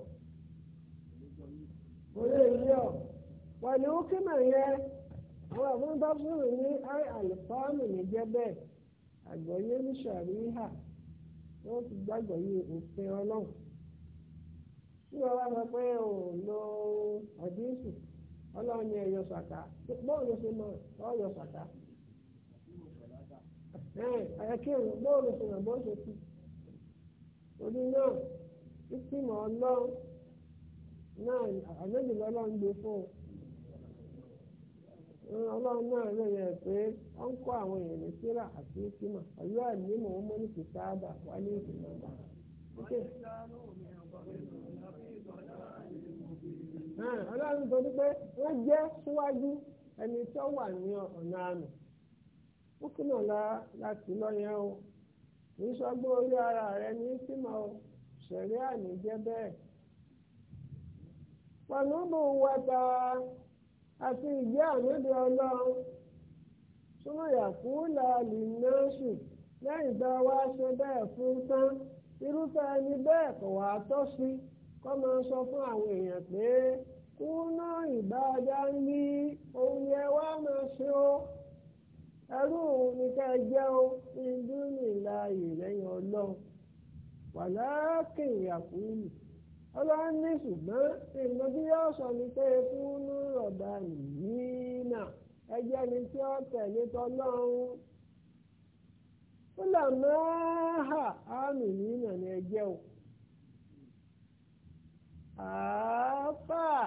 àwọn àbúrò bá fún mi wọ́n ti gbàgbọ́ yé òfin ọlọ́run tí wọ́n wá sọ pé ò lo àdéhùn ọlọ́run ni ẹ̀yọ sàkà bóun ló ṣe mọ ọ̀yọ sàkà ẹ̀ẹ́dẹ́gbẹ̀rún bóun ló ṣe mọ bó ṣe kú orí náà ìsìmọ̀ ọlọ́run náà àlejò lọ́lọ́run gbé fún un. ọlọ́run náà ròyìn pé ó ń kọ́ àwọn èèyàn ní àti ìsímà ọ̀yọ́ àní mò ń mọ́ni kì sáábà wálé ìgbìmọ̀ ọlọ́run tó ní pé wọ́n jẹ́ síwájú ẹni tó wà ní ọ̀nà àná ó kìlọ̀ láti lọ́yẹ̀ o kì í sọgbọ́n orí ara rẹ ní o ṣẹ̀rí jẹ́ bẹ́ẹ̀. àti ìgbé àmúdé ọlọ́run súnmọ́ ìyàkú làálì náà sùn lẹ́yìn bá wa ṣe bẹ́ẹ̀ fún tán irúfẹ́ ẹni bẹ́ẹ̀ kò wá tọ́ sí kọ́ máa sọ fún àwọn èèyàn pé kúnná ìbáadá ń ní ohun yẹn wá máa ṣe ó ẹrú ni ká jẹ́ ó ní dúnìlà ìrẹ́yìn ọlọ́run wàlákì ìyàkú yìí. ọlọ́run ní ṣùgbọ́n nǹkan tí yóò sọ ní pé fún nírọ̀dà náà ẹjẹ́ ni tí ó tẹ̀lé tọ́lọ́run fúlà mẹ́hà àmì nìyí ni ẹjẹ́ o àáfàá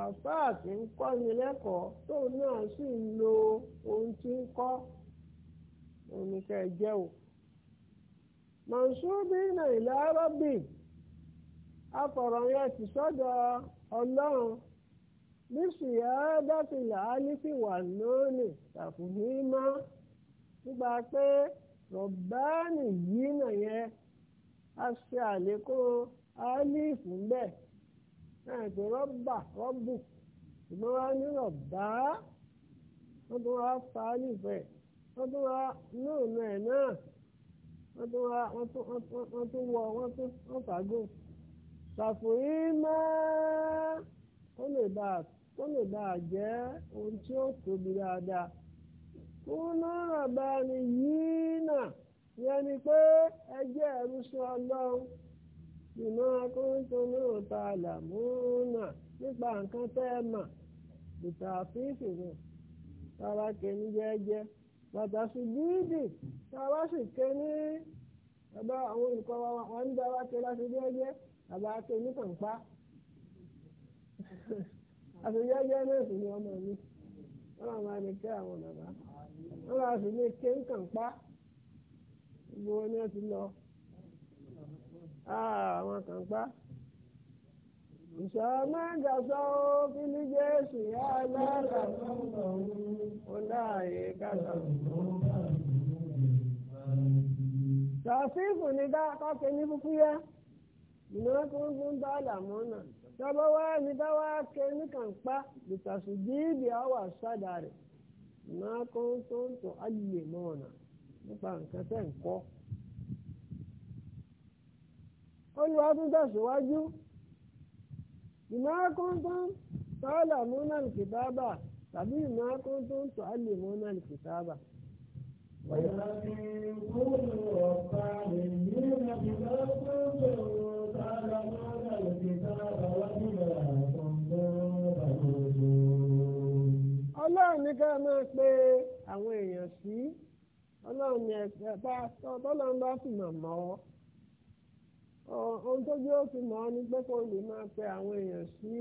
àáfàá tí ń kọ́ni lẹ́kọ̀ọ́ tóun náà sì ń lo ohun tí ń kọ́ òun ni afọ̀rọ̀ yẹn sì sọ́dọ̀ ọlọ́run bísí ẹ́ẹ́dẹ́sìlá nífi wà lónìí tàfùmí mọ́ nígbà pé rọ̀báàní yìí nà yẹn a ṣe àlékún álífù ńbẹ̀ náà pé rọ́bà rọ́bù ṣùgbọ́n wá ní rọ̀bá wọ́n tún wá fa álífù ẹ̀ wọ́n tún wá lóòrùn ẹ̀ náà wọ́n tún wá wọ́n tún wọ wọ́n tún fàágùn ṣàfùrí mọ́ kó lè bá kó lè bá jẹ́ ohun tí ó tóbi dáadáa kúnú rọ̀bà ni yìí náà yẹn ni pé ẹ jẹ́ ẹrú sí ọlọ́run ìmọ̀ akóńtónú ta làmúnà nípa nǹkan tẹ́ ẹ mà ìta àfíìsì náà tara kẹ́ni jẹ́ẹ́jẹ́ pàtàkì dídì tá a sì kẹ́ ní ẹ̀bá àwọn olùkọ́ wa wọ́n ń dá wa kẹ́ láti jẹ́ẹ́jẹ́ bàbá tó onítànpá àfìyẹ́yẹ́ náà sì ni ọmọ mi wọ́n máa máa lè kẹ́ àwọn bàbá wọ́n máa sì lè ké ńkànpá gbogbo wọn ni wọ́n ti lọ àwọn kànpá. Ìṣọ́mọ́jọ́sọ́ fílí Jésù yá alága ọláàyè kàtà. Sọ̀fíìfù ni dá kọ́kẹ́ ní fúfúyẹ́ ìnáwó tó ń gún bá làmọ́nà tọ́bọ́ wá ní bá wá ké níkànpá ìtàṣùdíìbì àwọ̀ àṣàdà rẹ̀ ìnáwó tó ń tó ń tọ́ ayé mọ́ọ̀nà nípa nǹkan tẹ́ ń kọ́. olùwà tún tẹ̀síwájú ìnáwó tó ń tó ń tọ́ làmọ́nà kìtàbà tàbí ìnáwó tó ń tó ń tọ́ ayé mọ́ọ̀nà kìtàbà. ويحبون ربهم يؤمنون بما ní ká máa pe àwọn èèyàn sí ọlọ́run na ẹ̀ka tọ́lọ́run bá sì mọ̀ mọ́ ohun tó jẹ́ ó fi mọ́ ni pé kó lè máa pe àwọn èèyàn sí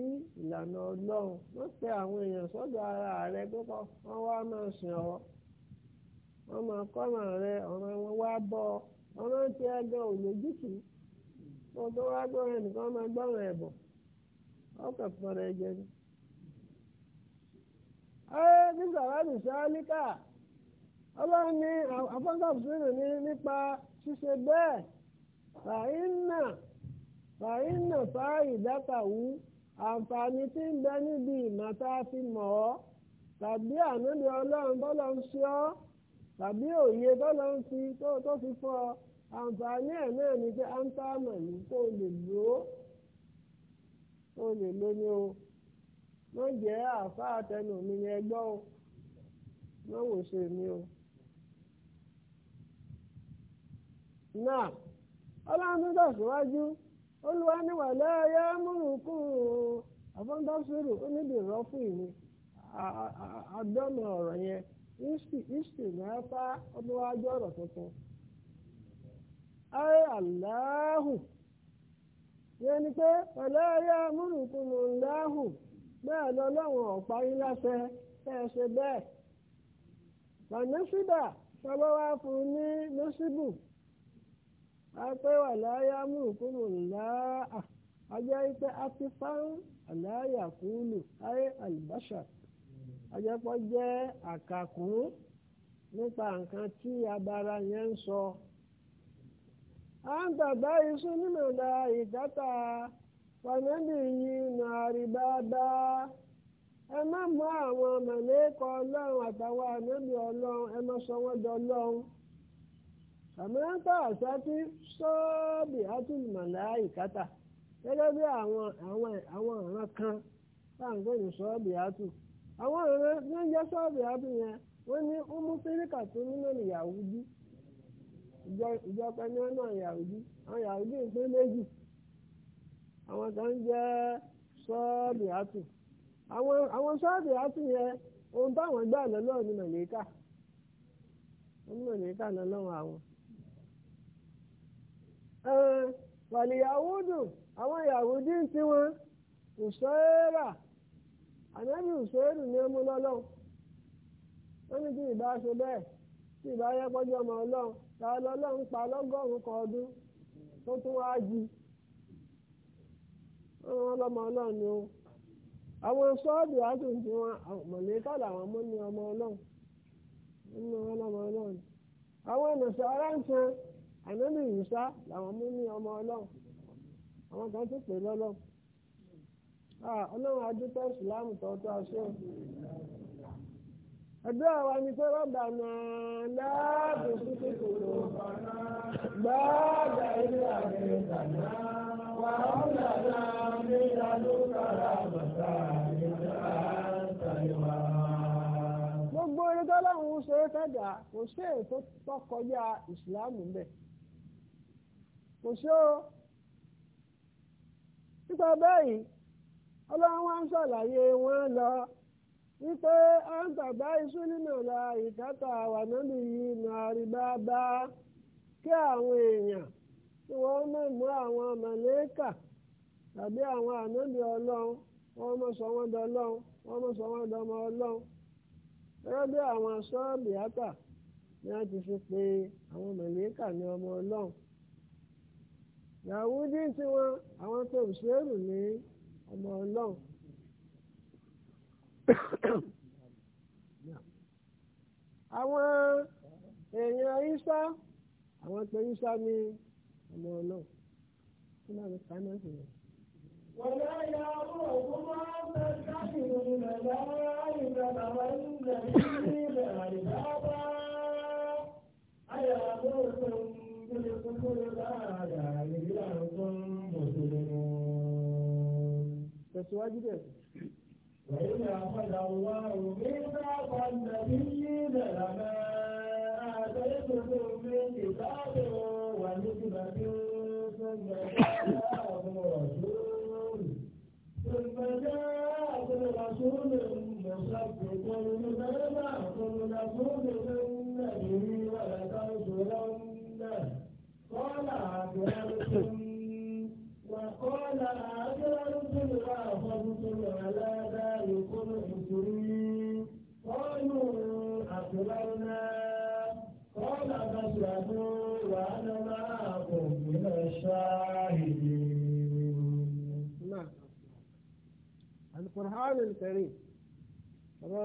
ìlànà ọlọ́run wọ́n pe àwọn èèyàn sọ́dọ̀ ara rẹ púpọ̀ wọ́n wá máa sìn ọ́ wọ́n máa rẹ wọn wá bọ́ tó wá máa ẹ̀bọ̀ ọkọ̀ fi sàwádìí sáálíkà ọlọ́run ní afọ́ńtàfùsùnù ní nípa ṣíṣe bẹ́ẹ̀ fàínà fàínà fáàyè dákàwú àǹfààní tí ń bẹ níbi ìmọ̀ta fi mọ̀ ọ́ tàbí ànábi ọlọ́run bọ́lá ń ṣe tàbí òye bọ́lá ń fi tó fi fọ́ ọ àǹfààní ẹ̀ náà ni pé áńtámọ̀ ní kó o lè lò ó kó lè lò ní o. wọ́n jẹ́ àfa tẹnu mi ni ẹgbọ́ o wọ́n ṣe mi o. náà ọlọ́run tó tẹ̀síwájú olúwa ní wàlẹ́ ayé múrùnkún àfọ́ńdásírù onídìrọ́ fún ìní àdọ́nà ọ̀rọ̀ yẹn ìsì náà fá ọ̀rọ̀ tuntun. ayé aláhùn yẹn ni pé bẹ́ẹ̀ lọ́lọ́run ọ̀pá yín láṣẹ ẹ ṣe bẹ́ẹ̀ fànẹ́síbà tọ́lọ́ wá fún un ní nọ́síbù apẹ́wà láyá mú ìkúmù láà ajá ipẹ́ atifáhùn àláyà kúlù ayé jẹ́ àkàkùn nípa nǹkan tí abara yẹn ń sọ. à ń bàbá nínú ìdáta. fọ̀nẹ́bìyìnà àríbábá ẹ má mọ àwọn mẹ̀lẹ́kọ̀ ọlọ́run àtàwọn ànábì ọlọ́run ẹ má sọ wọ́n dọ ọlọ́run àmọ́ńtà àṣàtì sọ́ọ̀bì átùmọ̀lá ìkátà gẹ́gẹ́ bí àwọn àwọn kan tá à ń gbé ní àwọn ní ń yẹn ní àwọn kan jẹ́ sọ́ọ̀dì àtù àwọn sọ́ọ̀dì àtù yẹn ohun táwọn gbà lọ́lọ́ ní mọ̀lẹ́kà ní mọ̀lẹ́kà lọ́lọ́run àwọn. pàlì yahudu àwọn yahudi tí wọn ùsọ́ẹ́rà ànábì ùsọ́ẹ́rù ní ẹmú lọ́lọ́ wọ́n ní kí ìbá ṣe bẹ́ẹ̀ tí ìbá yẹ pọ́jọ́ ọmọ ọlọ́run ta lọ́lọ́run pa lọ́gọ́rùn-ún kan ọdún tó tún wá jí wọn lọ́mọ ni ó àwọn sọ́ọ̀dù adùn wọn mọ̀lẹ́kà làwọn mú ní ọmọ ọlọ́run nínú wọn lọ́mọ ọlọ́run làwọn mú ní ọmọ ọlọ́run àwọn kan ti pè ọlọ́run adúpẹ́ tọ́tọ́ aṣọ ẹgbẹ́ àwa ni pé rọ́bà náà láàbò sí kòkòrò ilé àgbẹ̀ gbogbo orin tọ́lọ́run ṣe é fẹ́dà kò sí ètò tọkọjá ìsìláàmù mbẹ kò sí o nípa bẹ́ẹ̀ ọlọ́run ń ṣàlàyé wọn lọ wípé à ń tàgbá iṣu nínú ọ̀la ìkátà wà nínú nàárí bá bá kí àwọn èèyàn kí wọ́n má mú àwọn màlẹ́kà tàbí àwọn ànábì ọlọ́run wọ́n mọ̀ sọ wọ́n ọmọ ọlọ́run gẹ́gẹ́ àwọn sọ́ọ̀bì àtà ni a ti fi pe àwọn ní ọmọ ọlọ́run wọn àwọn tó ọmọ ọlọ́run tí máa ń sá náà hùwà. Wọ̀lá ya ọmọ òkú máa ń bẹ káàkiri ìrìnlẹ̀ lára ìgbà bàbá ìgbà ìgbà ìgbà àìdá bá ayàwó òkun gbélé kúkúrú láàdà ìrírí àrùn tó ń bọ̀ Tẹ̀síwájú bẹ̀. Wẹ̀yìn ni àpàdà wà òmí bá padà bí yí bẹ̀rẹ̀ bẹ́ẹ̀ àtẹ̀yẹ́ tuntun mi kì bá bẹ̀rẹ̀.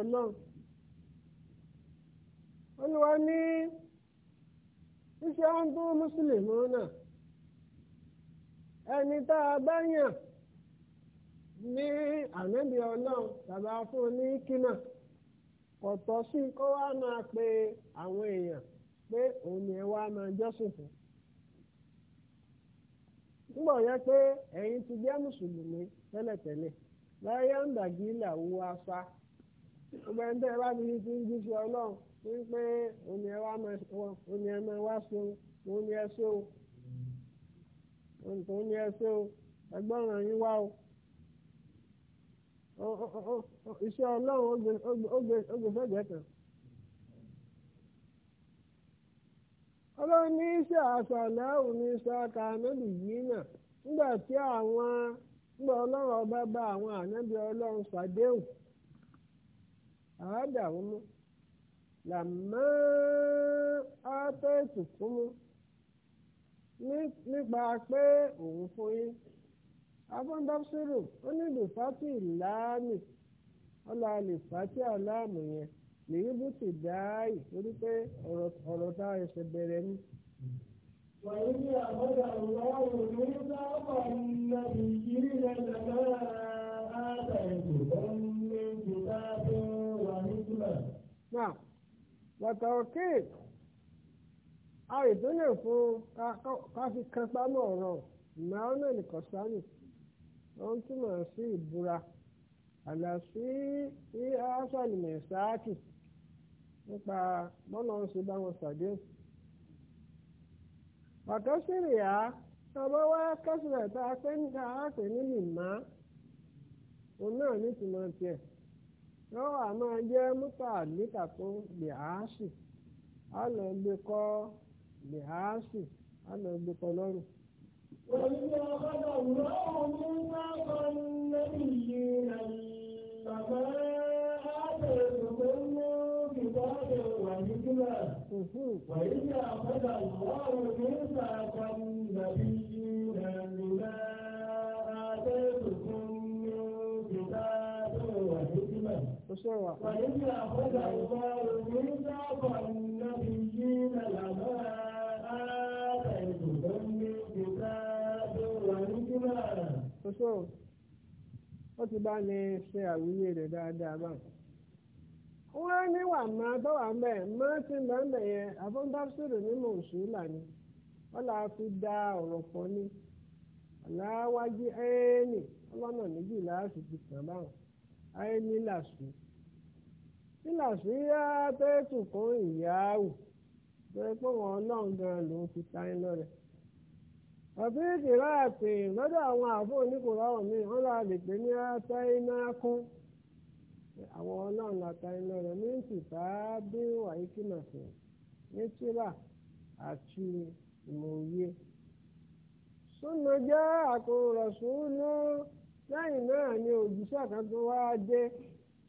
ọlọ́run olùwà ní iṣẹ́ ń dún mùsùlùmí náà ẹni tá a bá yàn ní ànábì ọlọ́run tàbá fún ní kínà kò tọ́ sí pe àwọn èèyàn pé òun ni ẹ wá máa jọ́sìn fún nígbà pé ẹ̀yin ti jẹ́ mùsùlùmí tẹ́lẹ̀tẹ́lẹ̀ láyé ń dàgí ọgbẹ́ ndị bẹ́ẹ̀ bá bíi ti ń jíṣẹ́ wípé òní so òun so òun ni so ẹgbọ́n ràn yín isi o iṣẹ́ ọlọ́run ó gbé fẹ́gbẹ́ àádàrúnú làmọ́ ápẹ́ẹ̀tì kúmú nípa pé òun fún yín abọ́ńdọ́sírù ó ní lùfátì láàmì ọlá lùfátì aláàmù yẹn lèyí bó ti dáàyè torí pé ọ̀rọ̀ tá a ṣe bẹ̀rẹ̀ ni. wàyí ni àbọ̀dà ìwọ́rùn ní sábà ń lọ ìyírí rẹ̀ lọ́wọ́ àtàkùn náà bàtà òkè àìdúnlẹ̀ fún káfí kan pamọ́ ọ̀rọ̀ ìmọ̀-ánà nìkan sánì wọ́n túmọ̀ sí ìbúra àlàsí sí ásàlì mẹ̀sáàkì nípa bọ́lá ń ṣe bá wọn ṣàdé. bàtà sírì á wá kẹ́sìrẹ̀ tá a pé ń ta yóò wà máa jẹ́ mútà níta tó lè áásì á lọ gbé kọ́ lè áásì á lọ gbé kọ́ lọ́rùn. lórí rẹ̀. Bàbá ń mú lórí rẹ̀. cewa so ó ti bá ní ṣe àwíyé dáadáa báyìí wọ́n ní wà máa bá wà mẹ́ ti máa yẹn àfọ́nbáṣírò ní mọ̀ọ́sùlà wọ́n là á fi da ọ̀rọ̀ pọ̀ ní aláwájú ẹ́ẹ́nì ọlọ́nà méjìlá báwọn làṣù. nílà sí yá kan ìyáàwó pé pé wọn ọlọ́run gan ló ń ta ẹ́ lọ́rẹ̀. àbí ìkìlá lọ́dọ̀ àwọn àbó oníkùnrin ọ̀hún mi wọ́n là lè pè ní àtàínákún àwọn ọlọ́run làtà ẹ́ lọ́rẹ̀ ní ìsìta bí wàyí kìmọ̀sẹ̀ ní tíra àti ìmọ̀òye. súnmọ́ jẹ́ àkùnrọ̀sùn náà lẹ́yìn náà ni òjíṣẹ́ kan tó wá dé.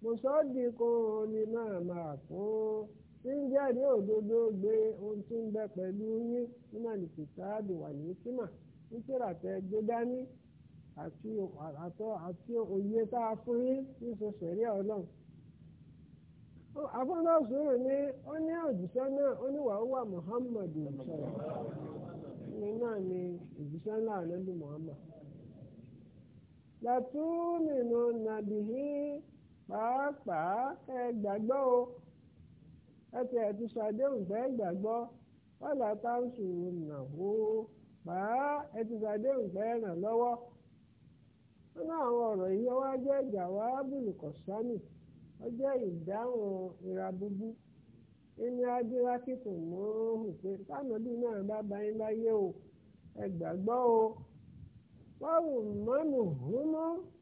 mùsọ́dìkù lima ma'akum tí ń jẹ́rìí òdodo gbé ohun tí ń bẹ pẹ̀lú yín nínú àlìkìtáàbì wà ní símà gbé àti àtọ àti òye tá a fún yín ní sọ sẹ̀rí ọlọ́run. sùúrù ni ó ní òjíṣẹ́ náà ó ní wàá Muhammad ní náà ni òjíṣẹ́ náà lẹ́nu Muhammad. pàápàá ẹ gbàgbọ́ o ẹ ti ẹ̀ ti ṣàdéhùn fẹ́ gbàgbọ́ wọ́n là tá pàá ẹ ti ṣàdéhùn fẹ́ ràn lọ́wọ́ nínú àwọn ọ̀rọ̀ yìí wá jẹ́ ìjà wá bùrùkọ̀sánì ó jẹ́ ìdáhùn ìrabúbú ẹni adúrákìtì pé sánàbí náà bá láyé o ẹ gbàgbọ́ o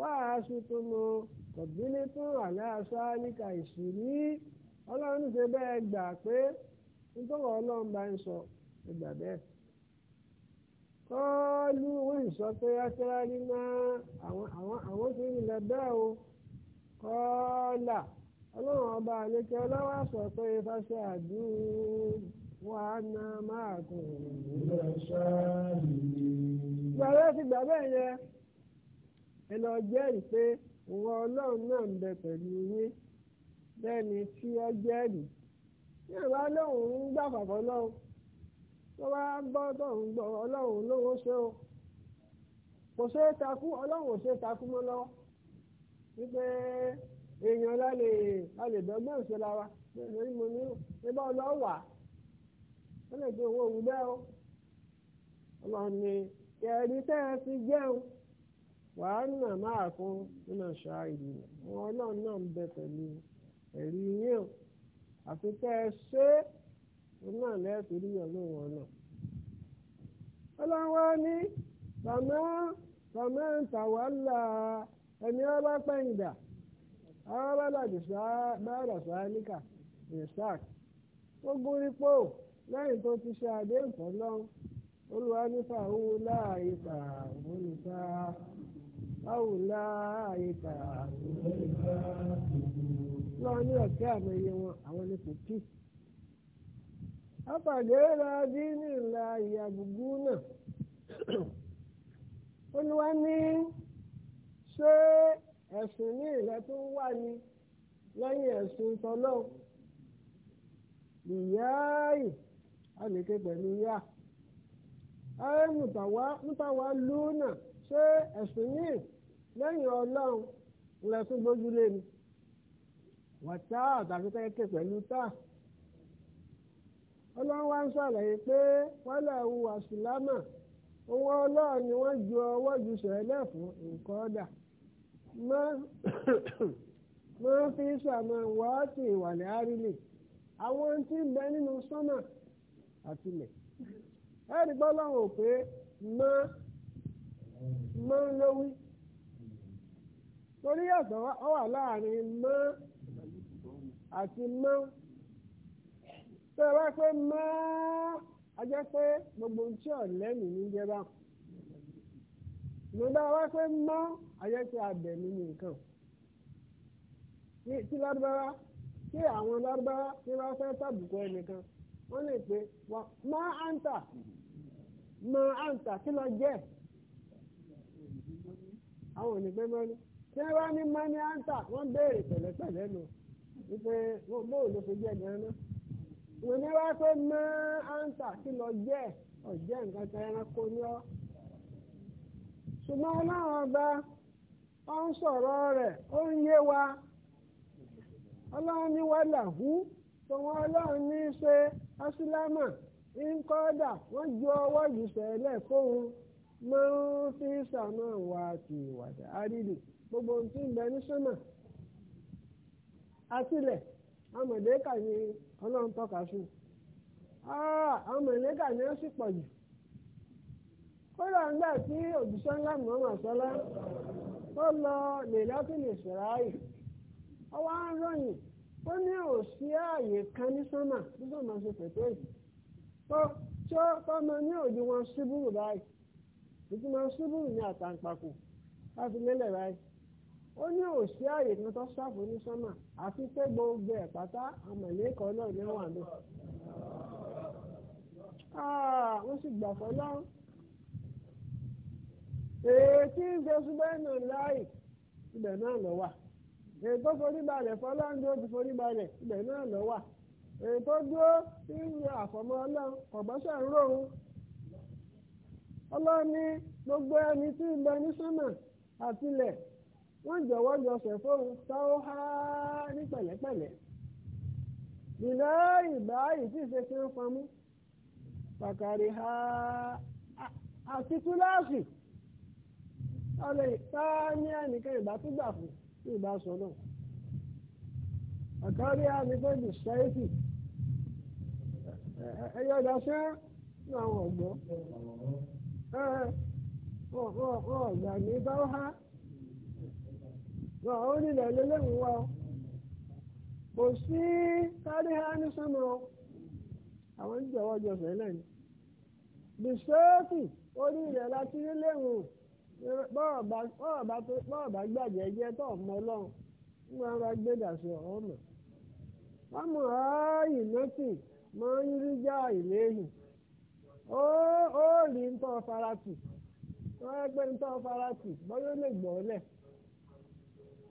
wàásù tó lo kọ̀bílí fún àlẹ́ aṣọ àníkà ìṣìrí ọlọ́run ṣe bẹ́ẹ̀ gbà pé nítorí ọlọ́run bá ń sọ ìgbà bẹ́ẹ̀. kọ́ọ́lù wọ́n sì sọ pé ásíráàlì máa àwọn tí ń lọ bẹ́ẹ̀ o kọ́ọ́là ọlọ́run ọba àlékẹ́ ọlọ́wà sọ pé fásitì àdúrà wà na máa kùn. ìgbà bẹ́ẹ̀ ti gbà bẹ́ẹ̀ yẹn ẹ lọ jẹ́rìí pé ìwọ ọlọ́run náà ń bẹ pẹ̀lú yín lẹ́ni tí ó jẹ́rìí ní ìwà lóhùn ń gbà pàpọ̀ lọ́hùn tó bá gbọ́ tóhùn gbọ́ ọlọ́run lówó ṣe o kò ṣe é takú ọlọ́run ò ṣe é takú mọ́ lọ́wọ́ wípé èèyàn lálẹ́ alẹ́ dọ́gbọ́n ìṣẹ́ra wa lórí mo ní ẹgbẹ́ ọlọ́run wà ó lè fi owó òwú bẹ́ẹ̀ o ọlọ́run ni ẹ̀rí tẹ́ ẹ fi jẹun wàá nà máa fún nínà ṣáà ìlú wọn ọlọ́run náà ń bẹ pẹ̀lú ẹ̀rí yín o àfi tẹ́ ẹ ṣe é òun náà lẹ́ẹ̀tọ́ rí ọ̀nà wọn náà. ọlọ́wọ́ ní bàmá bàmá ń tà wá là ẹni ọba pẹ̀yìndà àwọn bá làjù báyọ̀ sáníkà ìsàk ó pò lẹ́yìn tó ti ṣe àdéhùn pọ̀ lọ́wọ́ olùwà nípa òun láàyè pàrọ̀ òun àwùlá àyíká lọ́wọ́ ní ọ̀kẹ́ àmọ́ iye wọn àwọn ni kò kí. apàgẹ́rẹ́ adé ní ìlà ìyàgbùgbù náà olúwa ní ṣé ẹ̀sìn ní ìrẹ́ tó ń wà ní lẹ́yìn ẹ̀sìn tọ́lọ́ ìyáàyè àlékè pẹ̀lú yá ẹ̀ mùtàwá lónà ṣé ẹ̀sìn ní lẹ́yìn ọlọ́run rẹ̀ tún gbójúlé mi wọ̀tá àtàkùn kẹ́kẹ́ pẹ̀lú táà ọlọ́run wá ń ṣàlàyé pé wọ́lá ẹ̀wù àṣùlámà owó ọlọ́run ni wọ́n ju ọwọ́ ju sẹ̀lẹ̀ fún nǹkan ọ̀dà fi sàmà wọ́ọ̀tì ìwàlẹ̀ àwọn tí ń bẹ nínú àtìlẹ̀ ẹ̀rí pé torí yàtọ̀ ọ wà láàrin mọ́ àti mọ́ tó ẹ wá pé mọ́ a jẹ́ pé gbogbo ohun tí ọ̀lẹ́mì ní jẹ́ bá mo bá wá pé mọ́ a jẹ́ pé abẹ̀mí ní nǹkan tí lárúbáwá tí àwọn lárúbáwá tí wọ́n fẹ́ tàbùkù ẹnìkan wọ́n lè pe mọ́ àǹtà mọ́ àǹtà kí ló jẹ́ àwọn ò ní pẹ́ mọ́ ní tí wọ́n bá ní mọ́ni áńtà wọ́n béèrè pẹ̀lẹ́pẹ̀lẹ́ lọ wípé bóòlù ló fi jẹ́ ìdáná ìwọ̀n ní wá pé mọ́ áńtà kí lọ jẹ́ ọ̀jẹ́ nǹkan kan ẹranko ní ọ́ ṣùgbọ́n ọlọ́run ọba ó ń sọ̀rọ̀ rẹ̀ ó ń yé wa ọlọ́run ní wá làhú tòun ọlọ́run ní í ṣe áṣílámà ńkọ́dà wọ́n ju ọwọ́ jù sẹ́lẹ̀ fóun máa ń fi sàmà wá ti wàdà árídì. gbogbo tí ń bẹ ní sọ́nà ni ọlọ́run tọ́ka sí ah, ni ó sì pọ̀ jù kódà ńgbà tí òjíṣẹ́ ńlá mọ́mọ́ sọ́lá tó lọ lèlátìlì sàráì ọwọ́ ń ròyìn ó ní òsí ààyè kan ní sọ́nà sọ́nà ṣe pẹ̀tẹ́ tó ní báyìí ìtumọ̀ ní ó ní òṣì ààyè kan tó ṣàfù ní sọ́mà àfi pé gbogbo ẹ̀ pátá náà ní wà lọ. Ah, wọ́n sì gbà fọ́lá. ètí ń ṣe ṣùgbọ́nà láì ibẹ̀ náà lọ wà. foríbalẹ̀ fọ́lá ń dúró ti foríbalẹ̀ ibẹ̀ náà lọ wà. gbogbo ẹni tí ń bẹ ní wọ́n jọ̀wọ́ jọsẹ̀ fóun sáwọ́ há ní pẹ̀lẹ́pẹ̀lẹ́ ìlà ìgbà ìtì ṣe ha àti túláàsì ọ̀rẹ́ ìta ní ẹnìkan ìgbà tó gbà fún ní ìbá sọ náà pàkàrí ha ní àwọn ọ̀gbọ́n ọ̀gbà ṣùgbọ́n ó nílẹ̀ lélẹ́wọ̀n wa kò sí kárí hání sọ́mọ́ àwọn ìjọwọ́ jọ̀sẹ̀ lẹ́nu bìsọ́ọ̀tì orí rẹ̀ láti lélẹ́wọ̀n bọ́ọ̀bá gbàjẹ́ jẹ́ tó mọ́ lọ́hùn nígbà wọn bá gbé dàsí ọ̀hún mọ̀ wọ́n mọ̀ ááyì lọ́tì máa ń rí já ìléyìn ó rí ń tọ́ farati wọ́n á gbé ń tọ́ farati bọ́yọ́ lè gbọ́ lẹ̀.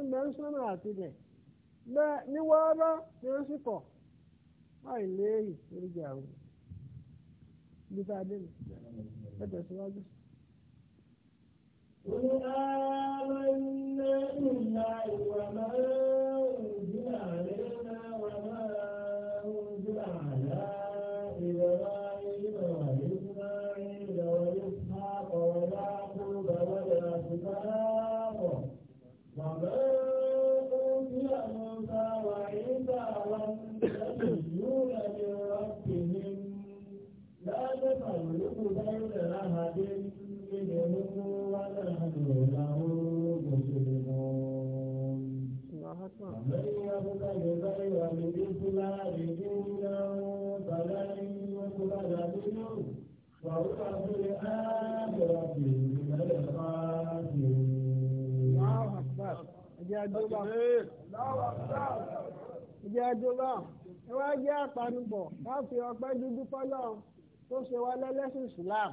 ilẹ̀ ń sọ́nà àtilẹ̀ bẹ́ẹ̀ ní wọ́ọ́rọ́ ni ó sì kọ̀ láì léèrè lórí ìjà àwọn ibi tá a dé mi ẹ tẹ̀síwájú. قل آمنا بالله وما àjọba ìjẹ́ àjọba ẹ wá jẹ́ àpanupọ̀ káfí ọpẹ́ dúdú fọ́lọ́ tó ṣe wá lẹ́lẹ́sìn Islam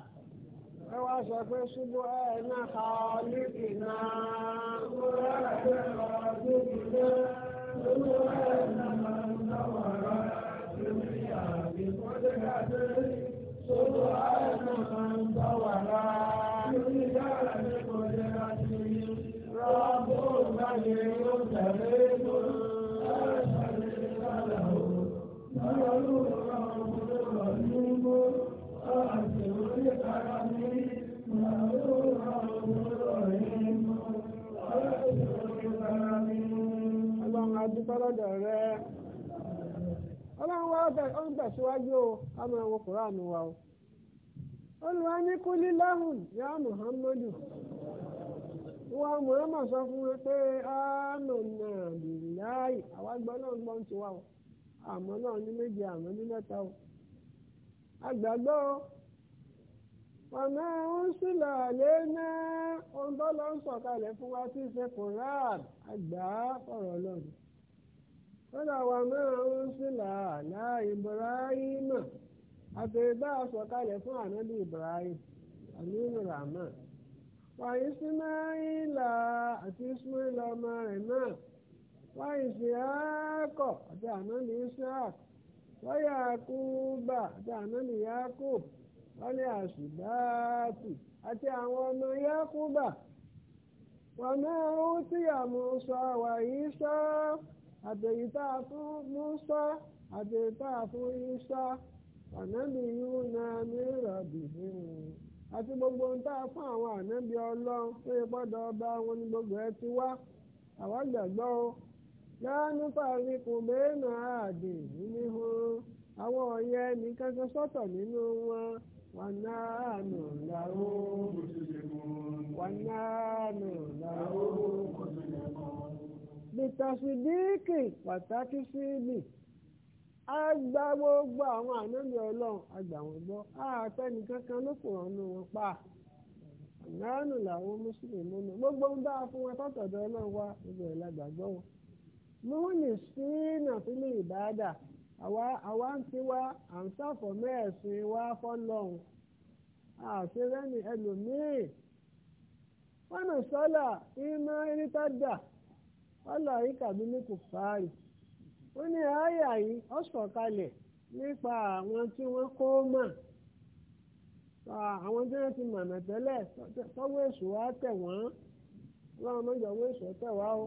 ẹ wá sọ pé ṣubú ẹ náà ká ọ ní ìná. Sọ́dọ̀ àìsàn máa ń bá wà lára. lọ́dọ̀ rẹ̀ ọlọ́run wá ọ o ká máa wo kùránù wa o olùwà ní kúlí lẹ́hùn yá muhammadu wa sọ fún pé náà lè láàyè o. àmọ́ náà ní méjì àmọ́ ní mẹ́ta o Agbàgbọ́: ọ̀nà ń sílẹ̀ ohun tó lọ ń sọ̀kalẹ̀ fún wa tí í ṣe koran àgbà ọ̀rọ̀ lọ́dún wà náà ń sílẹ̀ àlá sọ̀kalẹ̀ fún ànábì àti ọmọ wọ́n ìṣìákọ̀ àti ànáni isaac wọ́n yàkúbà àti ànáni yakub wọ́n ní àṣìbáàtì àti àwọn ọmọ yakúbà wọ́n náà ó tíyà Mùsá wà Ìsá àbẹ̀yìntà fún Mùsá àbẹ̀yìntà fún Ìsá ànábì yìí na mìíràn bìbí àti gbogbo ń tá a fún àwọn ànábì ọlọ́run pé gbọ́dọ̀ ọba wọn ni gbogbo ẹ ti wá àwọn gbàgbọ́ o láàánú fàárí kò mẹ́rin àádé nínú wọn àwọn ọ̀yẹ́ nìkan kan sọ́tọ̀ nínú wọn wànáàánú làwọn wànáàánú làwọn bìtàsídíìkì pàtàkì síbì a gba gbogbo àwọn ànábì ọlọ́run a gbà wọ́n gbọ́ ààfẹ́ nìkan ló pọ̀ ọ̀nà wọn pa ànáàánú làwọn mùsùlùmí mọ́nà gbogbo ń bá fún wọn tọ́tọ̀dọ̀ ọlọ́run wa gbogbo ẹ̀ lágbàgbọ́ wọn. múni sí nàfílì ìbáàdà awa ń tiwa à ń sàfọ̀ mẹ́ẹ̀sìn wa fọ́lọ́hún àṣírẹ́ni ẹlòmíì wọnà sọ́là ìmọ̀ irítàdà ọlọ́ ìkàbí ní kò fàárì ó ní àáyà yìí ó nípa àwọn tí wọ́n kó mọ̀ àwọn tí ti mọ̀nà tẹ́lẹ̀ tọ́wọ́ èṣù wa tẹ̀ wọ́n ọlọ́run mọ́jọ́ tẹ̀ wá o.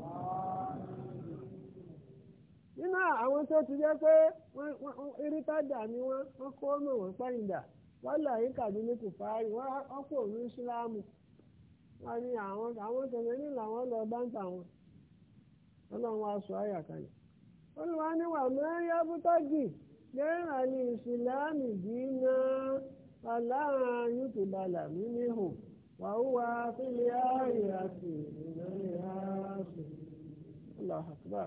nínú àwọn tó ti jẹ́ pé irítádà ni wọ́n wọ́n kó mọ̀ wọ́n pàyìndà wọ́n là yí kàdúní kò fáárì wọ́n ọ̀pọ̀ òní ìsìláàmù wọ́n ní àwọn àwọn tẹ̀lé ní làwọn lọ bá ń tà wọn ọlọ́run aṣọ kalẹ̀ ní wà mẹ́rin abútọ́jì gẹ́rà ní ìsìláàmù yìí ná aláàrán balà mí fílẹ̀ ààrẹ àti ìrìnàlẹ̀ ààrẹ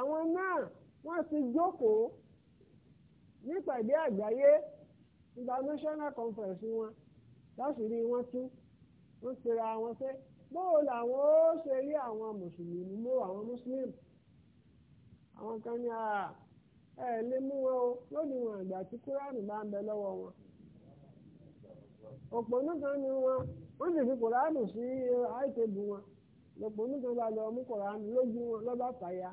àwọn náà wọ́n ti jókòó nípàdé àgbáyé international conference wọn láṣìírí wọn tún wọ́n pera wọn pé bóò làwọn ó ṣe rí àwọn mùsùlùmí mú àwọn muslim àwọn kan ní à ẹ lè mú wọn o lódiwọn àgbà tí kúránì bá ń bẹ lọ́wọ́ wọn òpònú kan ni wọn wọ́n sì fi kùránì sí àìtẹ́bù wọn òpònú kan bá lọ mú kùránì lójú wọn lọ́ba fàyà.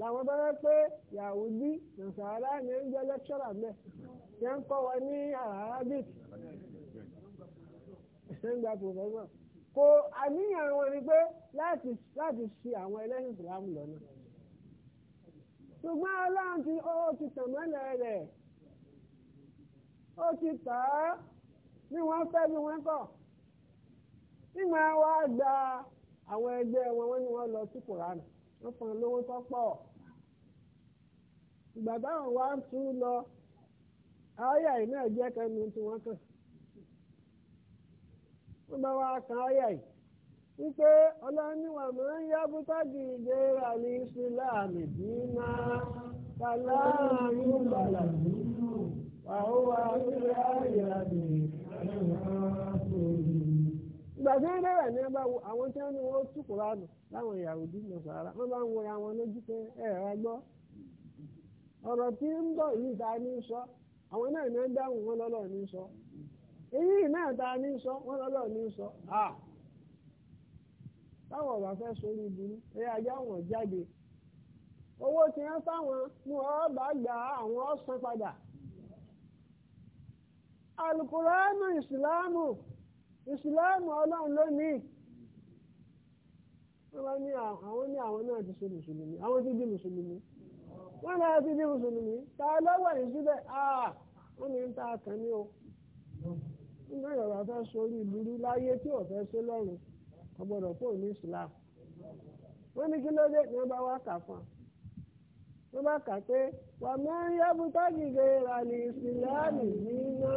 làwọn bá rẹ pé yahudi nasara ni ń jẹ lẹ́kṣọ́rà mẹ́ ṣe ń kọ́ wọn ní arabic ṣe ń gba pòfẹ́sọ̀ kò àníyàn wọn ni pé láti láti ṣe àwọn ẹlẹ́sìn ìsìlámù lọ́nà ṣùgbọ́n ọlọ́run ti ó ti tàn mọ́lẹ̀ rẹ̀ ó ti tà á bí wọ́n fẹ́ bí wọ́n kọ̀ nígbà wàá gba àwọn ẹgbẹ́ wọn wọ́n ní wọ́n lọ sí kùránù wọ́n fún un lówó tó pọ̀. bàbá àwọn wa ń tún lọ àáyà yìí náà jẹ́ kẹnu tí wọ́n kàn wọ́n bá wa kan àáyà yìí wípé ọlọ́niwà máa ń yá bútájì ìgbéra ní ìsìláàmì bí máa kàláàrin sí wàhúwà sílẹ̀ àyàdì ìgbà tí ní àwọn tí ní láwọn ìyàwó bá ń ọ̀rọ̀ tí ń bọ̀ yìí ta ní sọ àwọn náà ní ń dáhùn wọn lọ́lọ́ ní sọ èyí náà ta ní sọ wọn lọ́lọ́ ní sọ táwọn ọ̀rọ̀ fẹ́ sórí ìbúrú ẹ̀yà ajá wọn jáde owó tí wọ́n fáwọn mú ọba gbà àwọn ọ̀sán padà alukuraanu ìsìláàmù ìsìláàmù ọlọ́run lónìí wọ́n bá ní àwọn ní àwọn náà ti ṣe mùsùlùmí àwọn ti di mùsùlùmí. wọ́n náà fi bí mùsùlùmí ta lọ́wọ́ ní síbẹ̀ ah, wọ́n ní ta kàn ní o nígbà yọ̀rọ̀ fẹ́ sórí ìlú láyé tí ò fẹ́ sí lọ́rùn ọgbọ́dọ̀ pò ní Islam wọ́n ní kí ló dé ní wọ́n bá wá kà fún un wọ́n bá kà pé wà ń ra ní nínú.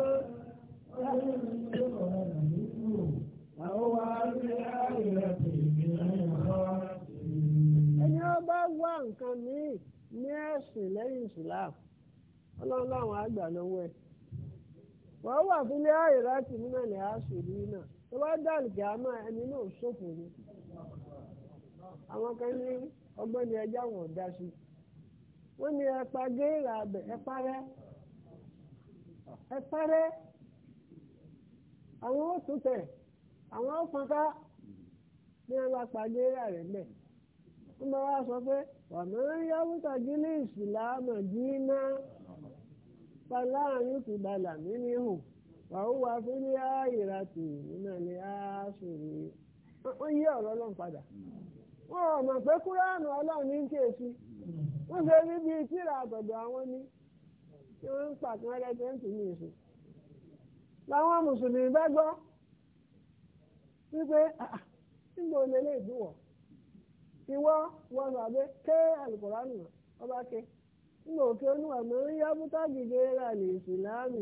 ẹni ọba wá nǹkan míì. ní ẹ̀sìn lẹ́yìn islam ọlọ́run láwọn àgbà lọ́wọ́ ẹ̀ wọ́n wà fún ilé àìrá tì nínú àṣírí náà tó bá dàlù kí a máa ẹni náà ṣòfò ni àwọn kan ní ọgbẹ́ni wọn dá sí wọ́n ní ẹpa géèrà àwọn ó tún ń bá wá sọ pé wàmí yáwó tàgílì ìsìlámù dínà fàlàyé ti balà mí ní hù wàhùn wà fún ní àyèrà tì nínà ní àásùnì wọ́n yí ọ̀rọ̀ ọlọ́run padà wọ́n ò mọ̀ pé kúránù ọlọ́run ní kéèsì wọ́n ṣe rí bíi tíra àtọ̀dọ̀ àwọn ní tí wọ́n ń pàtàn ẹlẹ́tẹ̀ẹ́ntì ní ìṣe làwọn mùsùlùmí bá gbọ́ wípé nígbà olè lè dùn wọ̀. ìwọ wọn bàbá ké alukóránù ọba ké nígbà òkè oníwà mọ ń yá bútà gègé rà lè sùn láàmì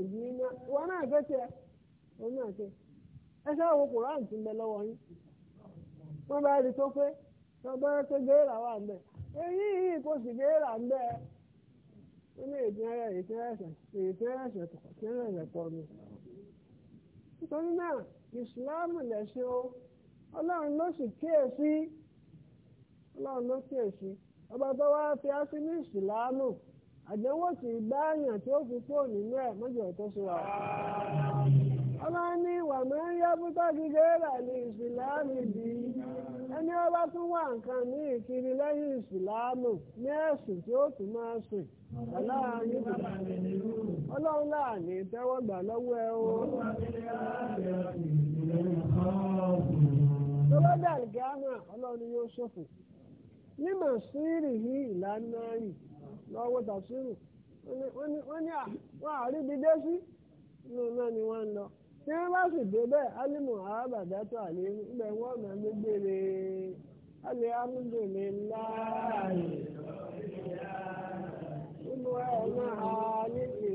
wọn náà ké tiẹ̀ wọn náà ké ti ń lọwọ lọ́wọ́ yín wọn bá rí tó pé wọn wa rí pé géèrà wà ọlọ́run ló ọba tó wá fi á sí ní ìsìláàmù sì gbáàyàn tí ó fi kúrò nínú ẹ̀ mọ́jọ tó ṣe wà. ní ìwà mẹ́rin yá bútọ́ gígẹ́rà ní ìsìláàmù bí ẹni ọba tún wà nǹkan ní ìkiri lẹ́yìn ìsìláàmù ní ẹ̀sùn tí ó tún máa sùn. Ọlọ́run lọ́wọ́ ẹ o. ọlọ́run mímọ sírì ní ìlànà yìí lọ́wọ́ tàṣírù wọ́n ní wọ́n àríbi dé sí inú náà ni wọ́n ń lọ tí wọ́n bá sì dé bẹ́ẹ̀ alimu abadato àlẹ́nu ibẹ̀ wọ́n máa ń gbére alẹ́ amúdòlè láàyè nínú ẹ̀ náà ní